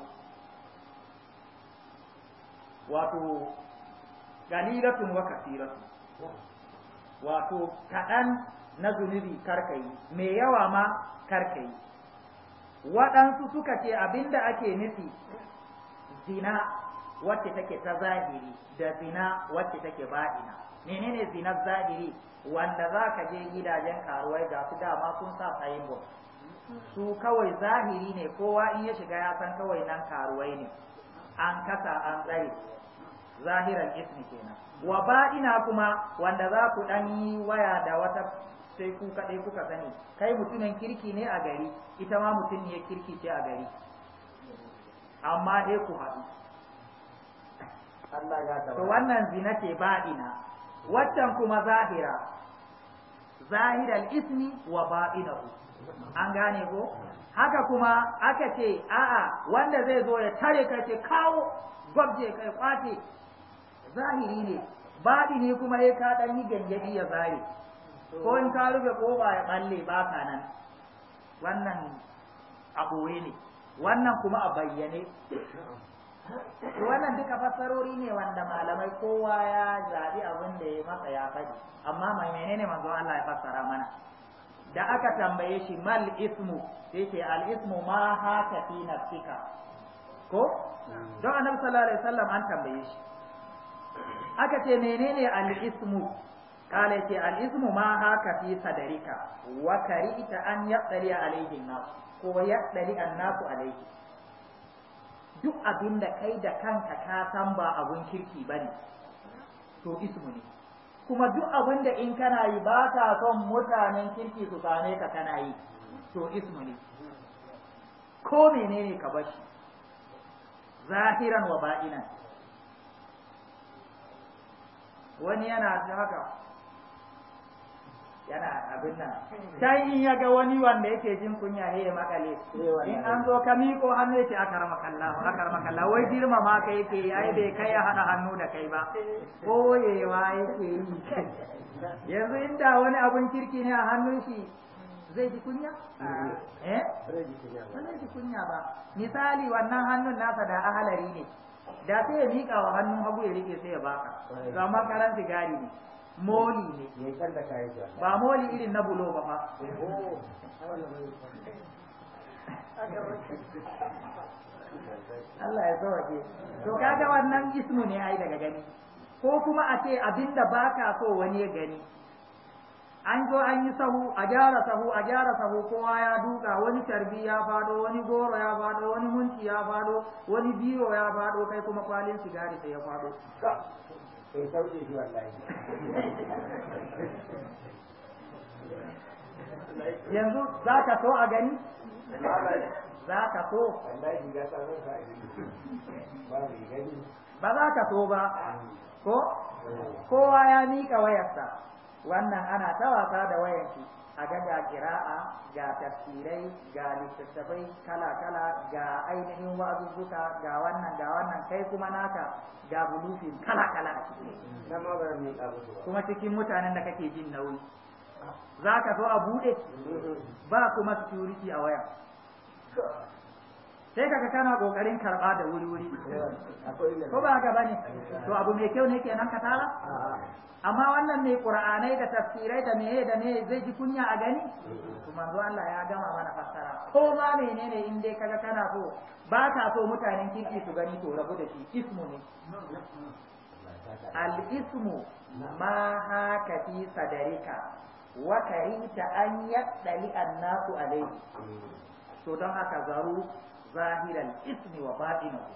wato galilatun wa kasiratun wato kaɗan na zunubi karkayi yi mai yawa ma ka yi waɗansu suka ce abinda ake nufi zina wacce take ta zahiri da zina wacce take ba'ina menene zinar zahiri wanda za ka je gidajen karuwai ga su dama sun sa signboard su kawai zahiri ne kowa in ya shiga ya san kawai nan karuwai ne an kasa an tsare zahiran ismi kenan wa ba'ina kuma wanda za ku dan yi waya da wata sai ku kaɗai kuka sani kai mutumin kirki ne a gari ita ma mutum ne kirki ce a gari amma dai ku haɗu to wannan zina ce ba'ina waccan kuma zahira zahiral ismi wa ba'inahu an gane ko haka kuma aka ce a'a wanda zai zo ya tare ka ce kawo gwabje kai kwace zahiri ne baɗi ne kuma ya ka ɗan yi gangadi ya zare ko in ka rufe ba ya balle ba ka nan wannan a ne wannan kuma a bayyane wannan duka fassarori ne wanda malamai kowa ya zaɓi abin da ya masa ya faɗi amma mai menene manzo Allah ya fassara mana da aka tambaye shi mal ismu sai ce al ismu ma haka fi nafsika ko don annabi sallallahu alaihi wasallam an tambaye shi aka ce menene al ismu قال يتي ma haka fi sadarika wa karita an يطلع عليه الناس ko yaɗari annasu alaihi duk abin da kai da kanka ka san ba abun kirki ba ne to ismu ne kuma duk abin da in kana yi ba ka son mutanen kirki su same ka kana yi to ismu ne ko menene ka bashi zahiran wa ba'inan wani yana haka yana abin nan hmm. sai in ya ga wani wanda yake jin kunya ne ya makale in an zo ka miko hannu yake akar makalla akar makalla wai girma ma ka yake ai bai kai ya hada hannu da kai ba koyewa yake yi (laughs) yanzu in da wani abun kirki ne a hannun shi zai ji kunya eh, eh? zai ji kunya ba misali wannan hannun nasa da ahalari ne da sai ya mika wa hannun hagu ya rike sai ya baka to amma karan sigari ne moli ne ba moli irin na bulo ba fa Allah ya sauke to kaga wannan ismu ne ai daga gani ko kuma a ce abinda baka so wani ya gani an zo an yi sahu a gyara sahu a gyara sahu kowa ya duka wani tarbi ya fado wani goro ya fado wani munci ya fado wani biro ya fado kai kuma kwalin sigari sai ya fado yanzu za ka so a gani za ka so ba za ka so ba ko kowa ya miƙa wayarsa wannan ana tawasa da wayanki a ga ga kira'a ga tafsirai ga littattafai kala-kala ga ainihin wa'azuzzuka ga wannan ga wannan kai kuma naka ga bulufin kala-kala kuma cikin mutanen da kake jin nauyi za ka zo a buɗe mm-hmm. ba kuma security a waya sai kaga kana kokarin karba da wuri wuri ko ba haka bane to abu mai kyau ne kenan ka tara amma wannan mai qur'anai da tafsirai da meye da meye zai ji kunya a gani kuma zo Allah ya gama mana fassara ko ma menene in dai kaga kana so ba ka so mutanen kirki su gani to rabu da shi ismu ne al ismu ma haka fi sadarika wa karita an yaddali annasu alayhi to don haka zaru zahiran ismi wa batinahu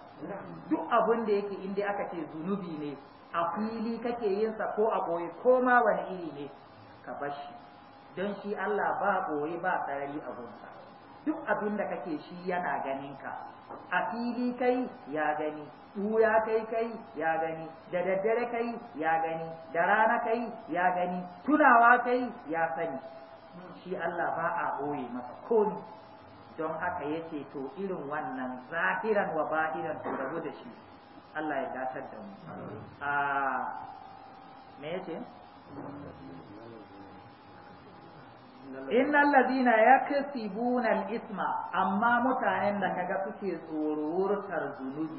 duk abin da yake inda aka ce zunubi ne a fili kake yin sa ko a ɓoye ko ma wani iri ne ka bar shi don shi Allah ba boye ba sarari a gunsa duk abin da kake shi yana ganin ka a fili kai ya gani ɗuya kai kai ya gani da daddare kai ya gani da rana kai ya gani tunawa kai ya sani shi Allah ba a ɓoye masa komi don haka ya ce to irin wannan zahiran wa ba'iran to rabu da shi Allah ya datar da mu a me yace innal ladina yaksibuna al-isma amma mutanen da kaga suke tsoruwurtar zunubi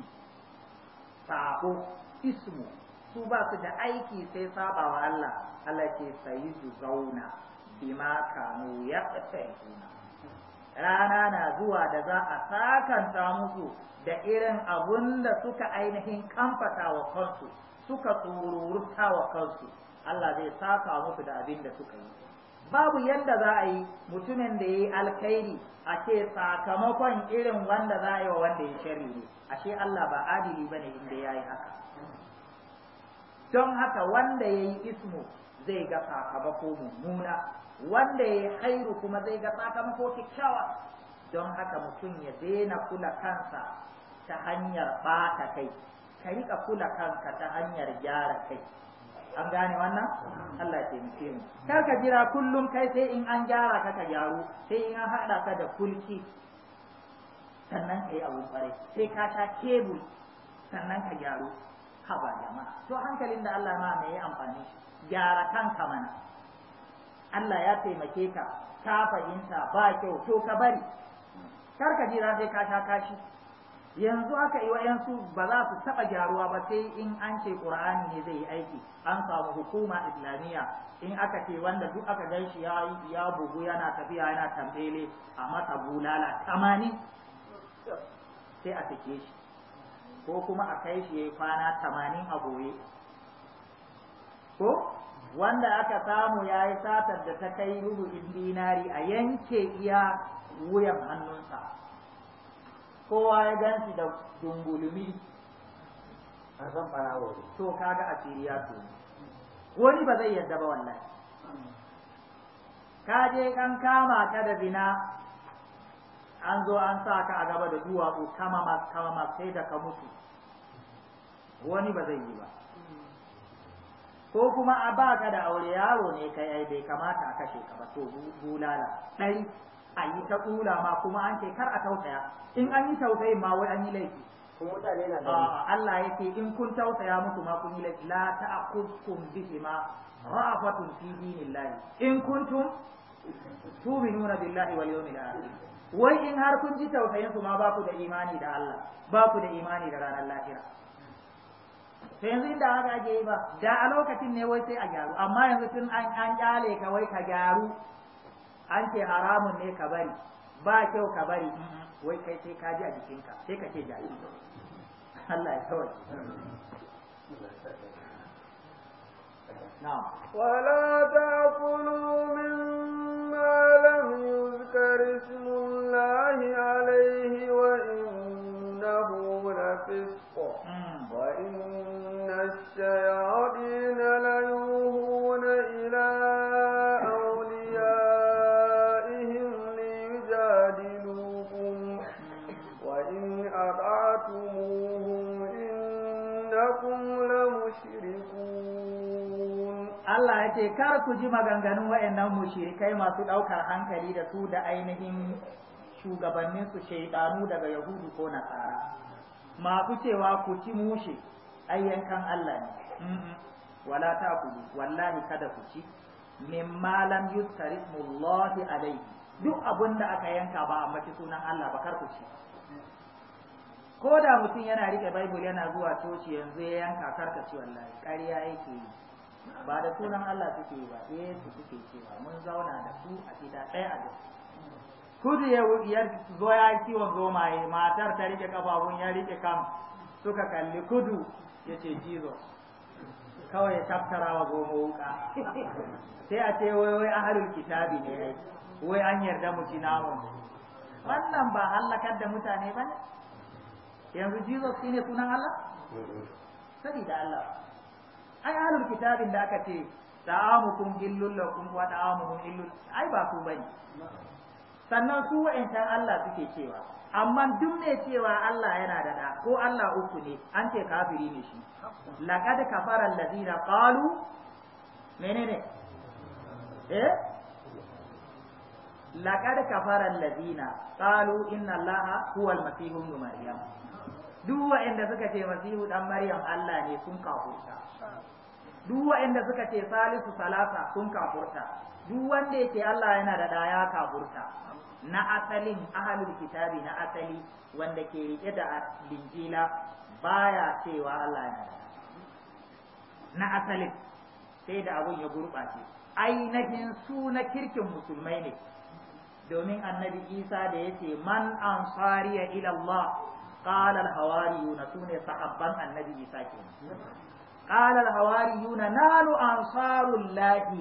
sabo ismu su ba su da aiki sai sabawa Allah Allah ke sayi su zauna bima kanu ya rana na zuwa da za a sakanta musu da irin abun da suka ainihin kamfata wa kansu suka tsururta wa kansu Allah zai saka musu da abin da suka yi babu yadda za a yi mutumin da ya yi alkhairi a ce sakamakon irin wanda za a yi wa wanda ya shari ne ashe Allah ba adili bane inda ya yi haka don haka wanda ya yi ismu zai ga sakamako mummuna wanda ya hairu kuma zai ga sakamako kyakkyawa don haka mutum ya daina kula kansa ta hanyar ɓata kai ka rika kula kanka ta hanyar gyara kai an gane wannan Allah ya taimake mu kar ka jira kullum kai sai in an gyara ka ka gyaru sai in an haɗa ka da kulki sannan ka yi abu kwarai sai ka ta kebul sannan ka gyaru haba jama'a to hankalin da Allah ma mai amfani shi gyara kanka mana Allah ya taimake ka ka fahimta ba kyau to ka bari kar ka jira sai ka sha kashi yanzu aka yi wa'yansu ba za su taɓa gyaruwa ba sai in an ce ƙur'ani ne zai yi aiki an samu hukuma islamiyya in aka ce wanda duk aka gan shi ya ya bugu yana tafiya yana tambele a masa bulala tamanin sai a sake shi ko kuma a kai shi ya yi kwana tamanin a goye ko wanda aka samu ya yi satar da ta kai rubu'in dinari a yanke iya wuyan hannunsa kowa ya gansu da dungulumi a san farawo to kaga a ya to wani ba zai yadda ba wallahi ka je kan kama ka da zina an zo an sa ka a gaba da duwatsu kama masu kama masu sai da ka mutu wani ba zai yi ba ko kuma a ba ka da aure yaro ne kai ai bai kamata a kashe ka ba to bulala ɗari a yi ta kula ma kuma an ce kar a tausaya in an yi tausayin ma wai an yi laifi Allah ya ce in kun tausaya musu ma kun yi laifi la ta'khudkum ma ra'afatun fi dinillahi in kuntum tu'minuna billahi wal yawmil akhir wai in har kun ji tausayin su ma ba ku da imani da Allah ba ku da imani da ranar lahira to yanzu inda haka ake yi ba da a lokacin ne wai sai a gyaru amma yanzu tun an an kyale ka wai ka gyaru an ce haramun ne ka bari ba kyau ka bari wai kai sai ka ji a jikinka sai ka ce jari Allah ya kawai ولا تأكلوا مما لم يذكر اسم الله عليه وإنه لفسق وإن الشياطين ليوهون إلى أوليائهم ليجادلوكم وإن أطعتموهم إنكم لمشركون Allah ya ce, Kar ku ji maganganun waɗannan mushrikai masu ɗaukar hankali da su da ainihin shugabanninsu shaidanu daga Yahudu ko Nasara, masu cewa ku ci mushe, ayyankan Allah ne wala ta ku wallahi kada ku ci min malam yuzkar ismullahi duk abin da aka yanka ba a mace sunan Allah ba kar ku ci ko da mutum yana rike bible yana zuwa coci yanzu ya yanka kar ka ci wallahi ƙarya yake yi ba da sunan Allah suke yi ba eh su suke cewa mun zauna da su a gida ɗaya a kudu ya zo ya kiwon zomaye matar ta rike ƙafafun ya rike kam suka kalli kudu ya ce jesus kawai ya taftara wa goma wuka (laughs) sai a ce wai wai ahalul kitabi ne wai an yarda mu ci namun wannan ba halakar da mutane ba ne yanzu jesus shine sunan allah da allah ai ahalul kitabin da aka ce ta'amukum illul lakum wa ta'amuhum illul ai ba ku bane sannan su wa'ancan Allah suke cewa amma duk mai cewa Allah yana da da ko Allah uku ne an ce kafiri ne shi laqad kafara allazina qalu menene eh laqad kafara allazina qalu inna allaha huwal masih ibn maryam duk wayanda suka ce masihu ɗan maryam Allah ne sun kafurta duk waɗanda suka ce salisu salasa sun kafurta duk wanda yake Allah yana da daya kafurta na asalin ahalul kitabi na asali wanda ke rike da injila baya cewa Allah yana da na asalin sai da abun ya gurɓace ainihin su na kirkin musulmai ne domin annabi isa da yace man ansariya ila Allah qala al-hawariyuna sune sahabban annabi isa kenan قال الحواريون نحن أنصار الله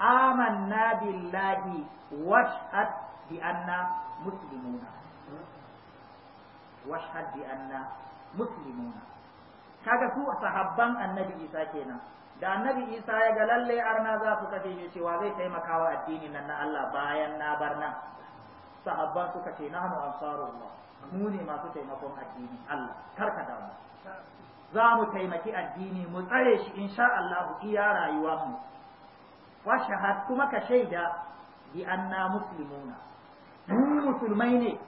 آمنا بالله واشهد بأننا مسلمون واشهد بأننا مسلمون kaga su sahabban annabi isa kenan da annabi isa ya ga lalle arna za su kace shi cewa zai taimaka wa addini nan na Allah bayan na bar sahabban suka ce nahnu ansarullah mu ne masu taimakon addini Allah karka damu za mu taimaki addini mu tsare shi insha Allah iya rayuwa mu wa shahad kuma ka shaida bi anna muslimuna mu musulmai ne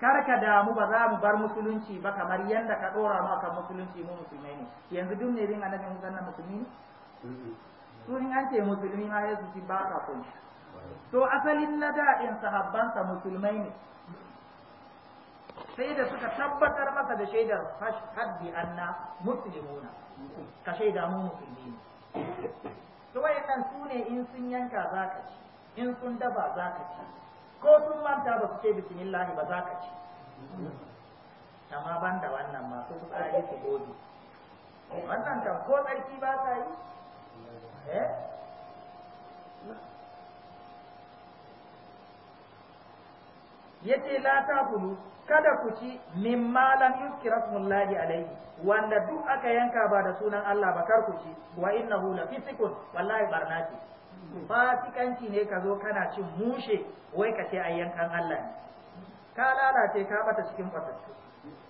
kar ka damu ba za mu bar musulunci ba kamar yadda ka dora mu akan musulunci mu musulmai ne yanzu duk ne din annabi mun sanna musulmi ne to in an ce musulmi ma yanzu ci ba ka kun to asalin na sahabban sa musulmai ne sai da suka tabbatar masa da shaidar haddi anna muslimuna ka shaida mu musulmi ne to wayannan su sune in sun yanka zaka ci in sun dafa zaka ci ko sun manta ba su ce bismillah ba zaka ci amma ban da wannan masu tsari su gobe wannan kan ko tsarki ba ta yi eh yace la ta kada ku ci min malam yuzkirasmullahi alaihi wanda duk aka yanka ba da sunan Allah ba kar ku ci wa innahu la fisikun wallahi barnaki. ce fasikanci ne ka zo kana cin mushe wai ka ce ai yankan Allah ne ka lalace ka bata cikin fatattu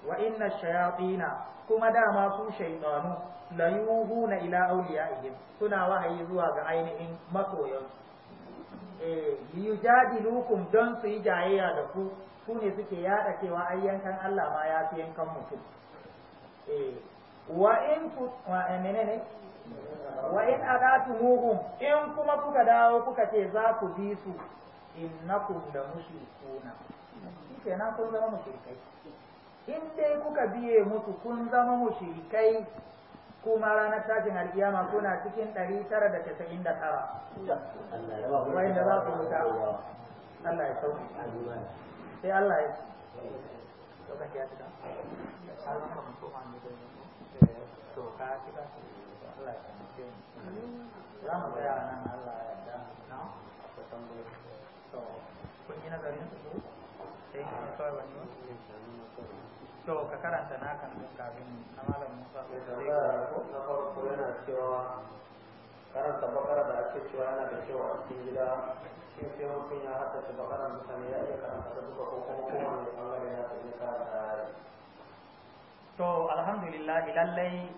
wa inna shayatina kuma dama su shaytanu la yuhuna ila awliyaihim suna wahayi zuwa ga ainihin masoyansu eh yujadilukum don su yi jayayya da ku su ne suke yada cewa ai yankan Allah ma ya fi yankan mutum eh wa in ku eh, menene wa in adatu muhum in kuma kuka dawo kuka ce za ku bi su innakum da mushrikuna kike na kun zama mushrikai in dai kuka biye musu kun zama mushrikai kuma ranar tashin alkiyama kuna cikin 999 wanda za ku wuta Allah ya sauke sai Allah ya ce lokaci ya cika da to ka cika Allah ya za mu nan Allah ya yarda na da to kun yi nazarin su sai kawai wani to ka karanta na kan kafin amalan musa ko da ko na farko yana cewa karanta bakara da ake cewa yana da kyau a cikin gida shi sai mutum ya haddace bakara mutane ya iya karanta da duka ko kuma kowane bangare na ta iya karanta to alhamdulillah lallai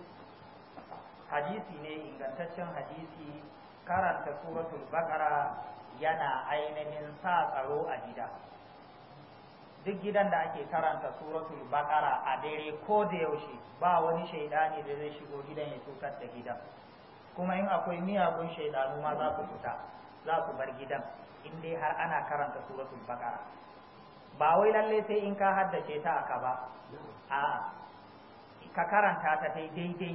hadisi ne ingantaccen hadisi karanta suratul bakara yana ainihin sa tsaro a gida duk gidan da ake karanta suratul bakara a dare ko da yaushe ba wani shaidani da zai shigo gidan ya tukar da gidan kuma in akwai miyagun shaidanu ma za ku fita za ku bar gidan in dai har ana karanta suratul baqara ba wai lalle sai in ka haddace ta aka ba a ka karanta ta daidai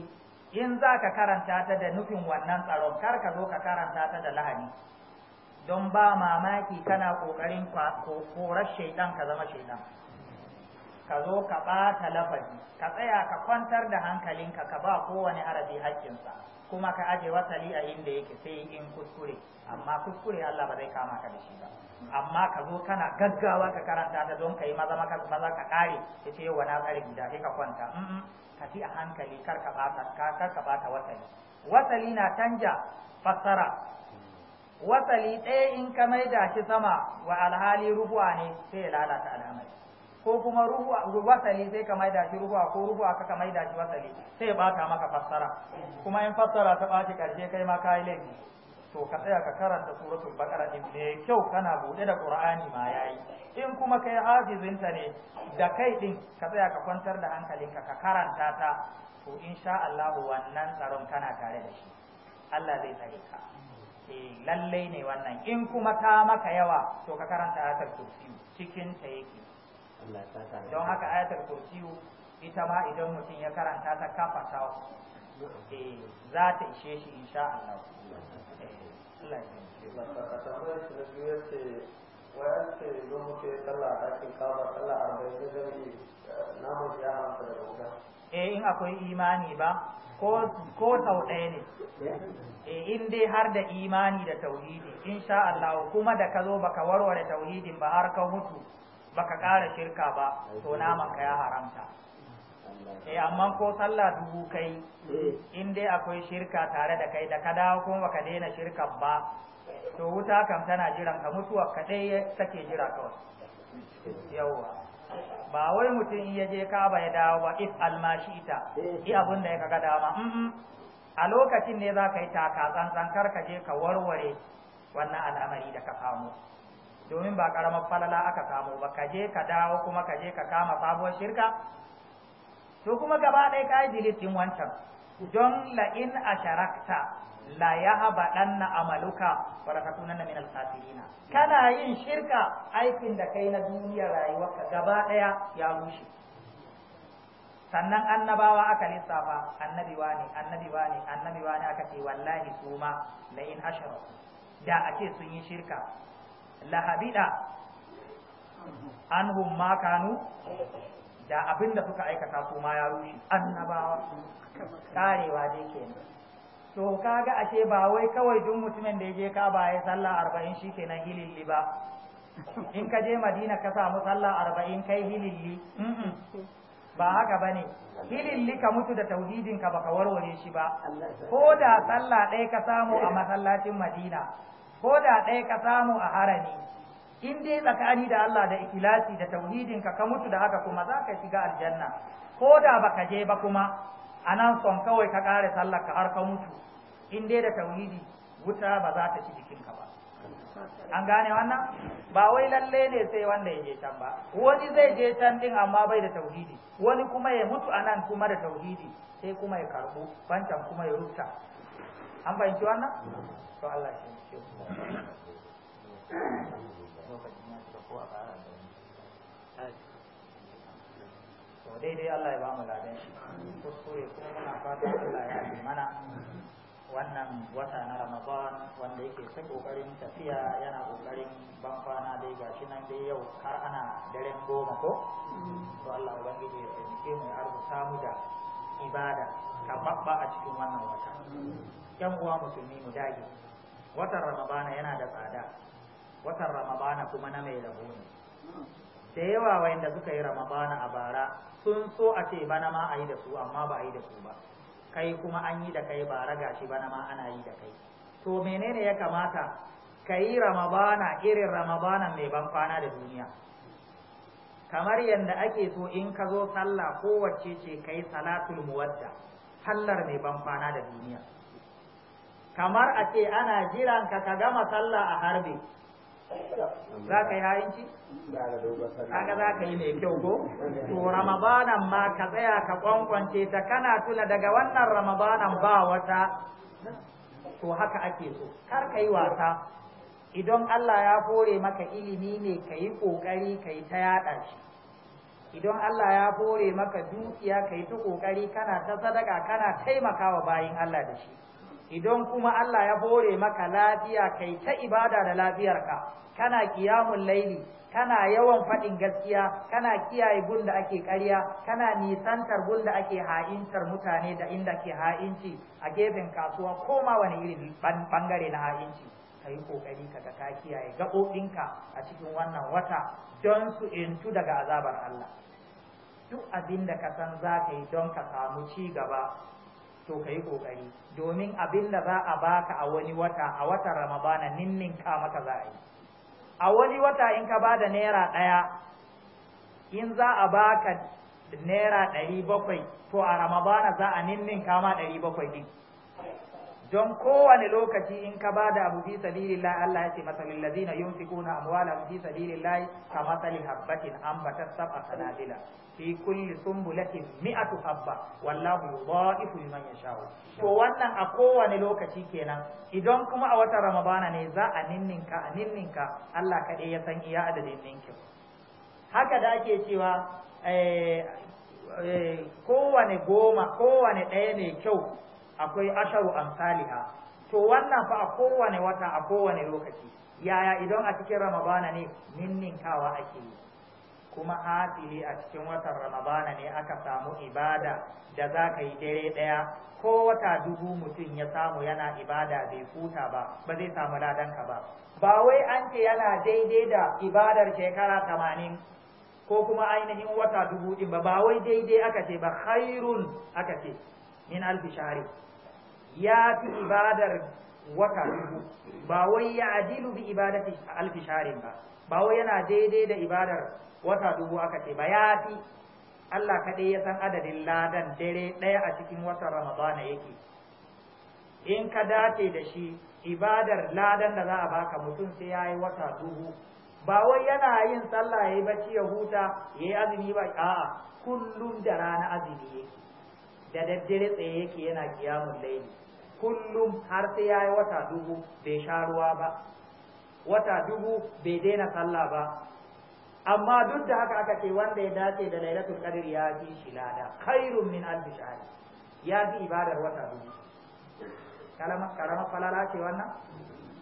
in za ka karanta ta da nufin wannan tsaron kar ka zo ka karanta ta da lahani don ba mamaki kana ƙoƙarin korar shaidan ka zama shaidan ka zo ka ɓata lafazi ka tsaya ka kwantar da hankalinka ka ba kowane harafi haƙƙinsa kuma ka aje wasali a inda yake sai in kuskure amma kuskure Allah ba zai kama ka da shi ba amma ka zo kana gaggawa ka karanta ta don ka yi maza maka maza ka kare ya ce yau na tsare gida sai ka kwanta ka fi a hankali kar ka bata wasali wasali na canja fassara wasali ɗaya in ka maida shi sama wa alhali rubuwa ne sai ya lalata al'amari ko kuma ruhu wasali sai ka maida shi ruhu ko ruhu ka ka maida shi wasali sai ba ta maka fassara kuma in fassara ta ɓaci ƙarshe kai ma kai laifi to ka tsaya ka karanta suratul baqara din ne kyau kana bude da qur'ani ma yayi in kuma kai ta ne da kai ɗin ka tsaya ka kwantar da hankalinka ka karanta ta to insha Allah wannan tsaron kana tare da shi Allah zai tsare ka eh lalle ne wannan in kuma ta maka yawa to ka karanta ayatul kursi cikin ta yake don haka ayatar kursiyu ita ma idan mutum ya karanta ta ta eh, za ta ishe shi sha Allah wayar ce eh, in akwai imani ba ko sau ɗaya ne E in dai har da imani da tauhidi sha Allah kuma da ka zo baka warware tauhidin ba har ka mutu baka kara shirka ba to naman ka ya haramta eh amma ko sallah dubu kai eh. in dai akwai shirka tare da kai da ka dawo kuma baka daina shirka ba to wuta kam tana jiran ka mutuwa ka dai take jira kawai yawa ba wai mutum iya je kaba ya dawo ba if almashi ita i abin da ya kaga dama a lokacin ne za ka yi taka tsantsan kar ka je ka warware wannan al'amari da ka samu domin ba karamar falala aka samu ba ka je ka dawo kuma ka je ka kama sabuwar shirka to kuma gaba ɗaya ka yi dilitin wancan don la'in a sharakta la ya haɓa ɗanna amaluka wa la takunanna min al kana yin shirka aikin da kai na duniya ka gaba ɗaya ya rushe sannan annabawa aka lissafa annabi wani annabi wani annabi wani aka ce wallahi su ma la in ashara da ake sun yi shirka lahabida anhum ma kanu da abin da suka aikata kuma ya rushe annabawa karewa dai kenan to kaga ashe ba wai kawai duk mutumin da yaje ka ba ya sallah 40 shikenan hililli ba in ka je Madina ka samu sallah 40 kai hililli ba haka bane hililli ka mutu da tauhidin ka baka warware shi ba ko da sallah ɗaya ka samu a masallacin Madina ko da ɗaya ka samu a harami in dai tsakani da Allah da ikilasi da tauhidin ka ka mutu da haka kuma za ka shiga aljanna ko da ka je ba kuma a nan son kawai ka ƙare sallar ka har ka mutu in dai da tauhidi wuta ba za ta ci jikinka ba an gane wannan ba wai lalle ne sai wanda ya je can ba wani zai je can din amma bai da tauhidi wani kuma ya mutu a nan kuma da tauhidi sai kuma ya karbu bancan kuma ya rubuta an fahimci wannan to Allah shi ne ke to daidai Allah ya ba mu ladan shi kuskure kuma muna Allah ya yi mana wannan wata na Ramadan wanda yake ta kokarin tafiya yana kokarin ban na dai gashi nan dai yau har ana daren goma ko to Allah ubangiji ya taimake mu ya mu da ibada karɓaɓɓa a cikin wannan wata yan uwa musulmi mu dage watan ramadana yana da tsada watan ramadana kuma na mai rabo ne da yawa wayanda suka yi ramadana a bara sun so a ce bana ma a yi da su amma ba a yi da su ba kai kuma an yi da kai bara gashi bana ma ana yi da kai to menene ya kamata ka yi ramadana irin ramadana mai ban kwana da duniya kamar yadda ake so in ka zo sallah kowace ce kai salatul muwadda sallar mai banfana da duniya kamar a ce ana jiran ka ka gama sallah a harbe za ka yi hayinci? kaga za ka yi mai kyau ko? to ramadanan ma ka tsaya ka kwankwance ta kana tuna daga wannan ramadanan ba wata to haka ake so kar ka yi wasa idan Allah ya kore maka ilimi ne ka yi ƙoƙari ka yi ta yaɗa shi idan Allah ya hore maka dukiya kai ta kokari kana ta sadaka kana taimakawa bayin Allah da shi idan kuma Allah ya hore maka lafiya kai ta ibada da lafiyarka kana kiyamun laili kana yawan faɗin gaskiya kana kiyaye gun da ake ƙarya kana nisantar gun da ake ha'intar mutane da inda ke ha'inci a gefen kasuwa koma wani irin bangare na ha'inci ka yi kokari ka ga ka kiyaye gaɓoɓinka a cikin wannan wata don su intu daga azabar Allah duk abin da ka san za ka yi don ka samu ci gaba to ka yi kokari domin abin da za a baka a wani wata a watan ramadana ninnin ka maka za a yi a wani wata in ka ba da naira ɗaya in za a baka naira ɗari bakwai to a ramadana za a ninnin kama ɗari bakwai ɗin don kowane lokaci in ka ba da abu fi sabilillah Allah ya ce masalil ladina yunfikuna amwalahum fi sabilillah ka masali habbatin ambatat sab'a sanabila fi kulli sumbulatin mi'atu habba wallahu yudha'ifu liman yasha'u to wannan a kowane lokaci kenan idan kuma a watan ramadana ne za a ninninka a ninninka Allah kaɗai ya san iya adadin ninkin haka da ake cewa eh, eh, kowane goma kowane ɗaya mai kyau akwai asharu saliha to wannan fa a kowane wata a kowane lokaci yaya idan a cikin ramadana ne ninninkawa ake yi kuma hasili a cikin watan ramadana ne aka samu ibada da za ka yi dare ɗaya ko wata dubu mutum ya samu yana ibada bai futa ba ba zai samu ladanka ba ba wai an ce yana daidai da ibadar shekara tamanin ko kuma ainihin wata dubu ɗin ba ba wai daidai aka ce ba khairun aka ce min alfi ya fi ibadar wata dubu ba wai ya adilu bi ibadati alfi sharin ba ba wai yana daidai da ibadar wata dubu aka ce ba ya fi Allah kaɗai ya san adadin ladan dare ɗaya a cikin wata Ramadana yake in ka dace da shi ibadar ladan da za a baka mutum sai ya yi wata dubu ba wai yana yin sallah ya yi bacci ya huta ya yi azumi ba a'a kullum da rana azumi yake da daddare tsaye yake yana kiyamun laili kullum har sai ya yi wata dubu bai sha ruwa ba wata dubu bai daina sallah ba amma duk da haka aka ce wanda ya dace da lailatul qadr ya fi shi lada khairun min al shahr ya fi ibadar wata dubu kalama karama falala ce wannan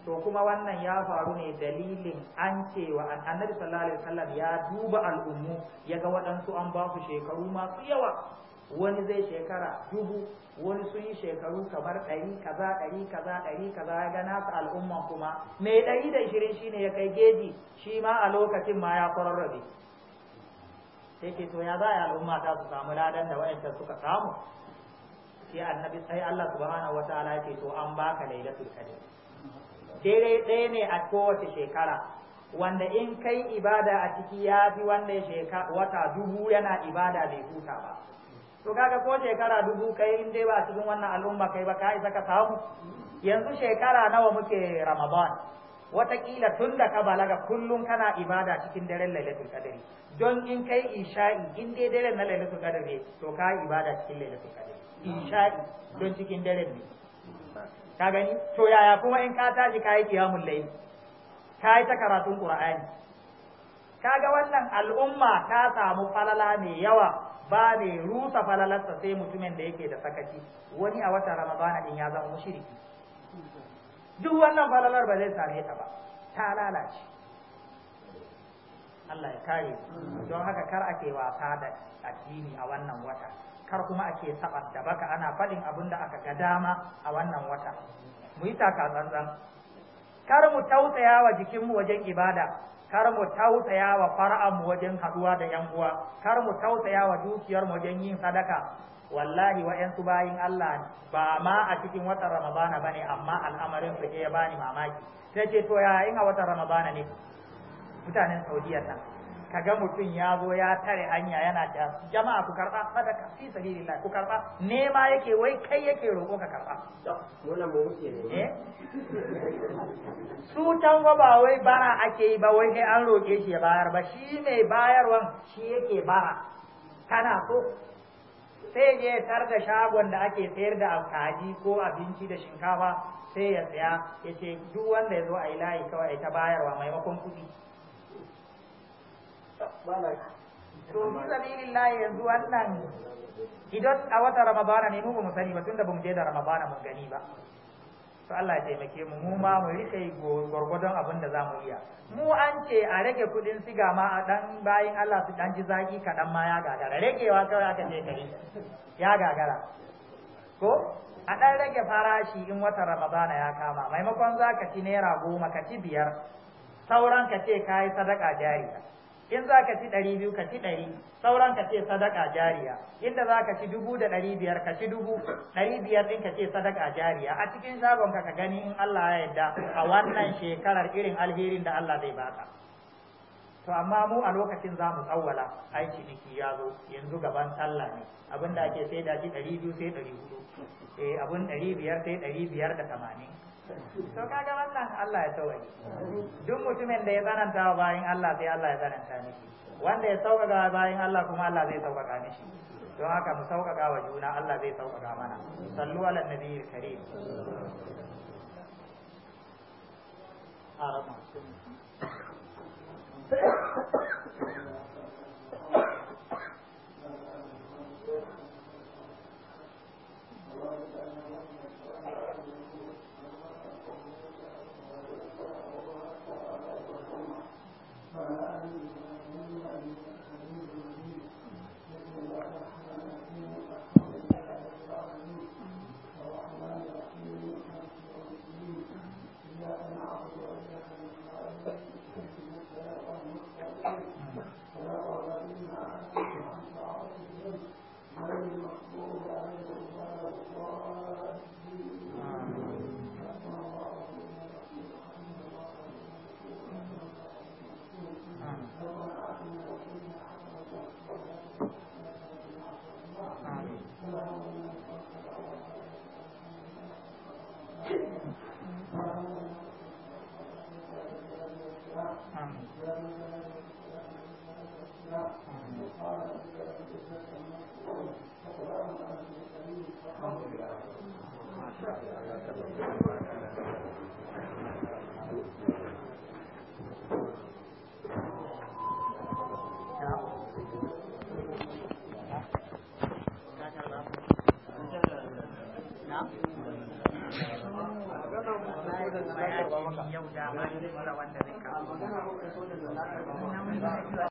to kuma wannan ya faru ne dalilin an cewa annabi sallallahu alaihi wasallam ya duba al'ummu ya ga waɗansu an ba su shekaru masu yawa wani zai shekara dubu wani sun yi shekaru kamar ɗari kaza ɗari kaza ɗari kaza ya ga nasa al'umman kuma mai ɗari da shirin shi ne ya kai geji shi ma a lokacin ma ya kwararrabe sai ke to ya za a al'umma ta su samu ladan da wa'yancan suka samu sai annabi sai Allah subhanahu wa ta'ala ya ce to an baka lailatul qadr dai ɗaya ne a kowace shekara wanda in kai ibada a ciki ya fi wanda shekara wata dubu yana ibada bai huta ba to kaga ko shekara dubu kai in dai ba cikin wannan al'umma kai ba ka isa ka samu yanzu shekara nawa muke ramadan wataƙila tun da ka balaga kullum kana ibada cikin daren lailatul qadri don in kai isha'i in dai daren na lailatul qadri ne to ka ibada cikin lailatul qadri isha'i don cikin daren ne ka gani to yaya kuma in ka tashi ka yi qiyamul layl kai yi ta karatun qur'ani kaga wannan al'umma ta samu falala mai yawa ba ne rusa falalarsa sai mutumin da yake da sakaci wani a watan ramadana din ya zama mushriki duk wannan falalar ba zai same ta ba ta lalace Allah ya kare don haka kar ake wasa da addini a wannan wata kar kuma ake saba da baka ana faɗin abin da aka ga dama a wannan wata mu yi taka tsantsan kar mu tausaya wa jikinmu wajen ibada kar mu tausaya wa fara'anmu wajen haduwa da yan uwa kar mu tausaya wa dukiyar mu wajen yin sadaka wallahi wa yan bayin Allah ba ma a cikin watan ramadana bane amma al'amarin su ya bani mamaki sai ce to ya in a watan ramadana ne mutanen Saudiya ta. kaga mutum ya zo ya tare hanya yana da jama'a ku karba sadaka fi sabilillah ku karba nema yake wai kai yake roƙo ka karba wannan mu muke ne eh? su can ba wai bara ake yi ba wai kai an roƙe shi ya bayar ba shi mai bayarwan shi yake bara kana so sai je tar da shagon da ake sayar da alkaji ko abinci da shinkafa sai ya tsaya ya ce duk wanda ya zo a yi layi kawai ta bayarwa maimakon kuɗi to fi sabilillah yanzu wannan idan a wata ramadana ne mu ba mu sani ba tunda ba mu je da ramadana mun gani ba to Allah ya taimake mu mu ma mu rike gurgurdon abin da zamu iya mu an ce a rage kudin siga ma a dan bayin Allah su dan ji zaki kadan ma ya gagara ragewa kawai aka ce kai ya gagara ko a dan rage farashi in wata Ramadana ya kama maimakon zaka ci naira goma ka ci biyar sauran ka ce kai sadaka jariya in za ka ci ɗari biyu ka ci ɗari sauran ka ce sadaka jariya inda za ka ci dubu da ɗari biyar ka ci dubu ɗari biyar ɗin ka ce sadaka jariya a cikin shagon ka gani in Allah ya yadda a wannan shekarar irin alherin da Allah zai baka to amma mu a lokacin za mu tsawwala ai ciniki ya zo yanzu gaban sallah ne abin da ake sai da ci ɗari biyu sai ɗari hudu eh abin ɗari biyar sai ɗari biyar da tamanin to kaga wannan Allah ya tawaye duk mutumin da ya tsananta wa bayin, Allah sai Allah ya tsananta mishi wanda ya sauƙaƙa bayin, Allah kuma Allah zai sauƙaƙa mishi don haka mu sauƙaƙa wa juna Allah zai sauƙaƙa mana sallu ala nabiyil karim Thank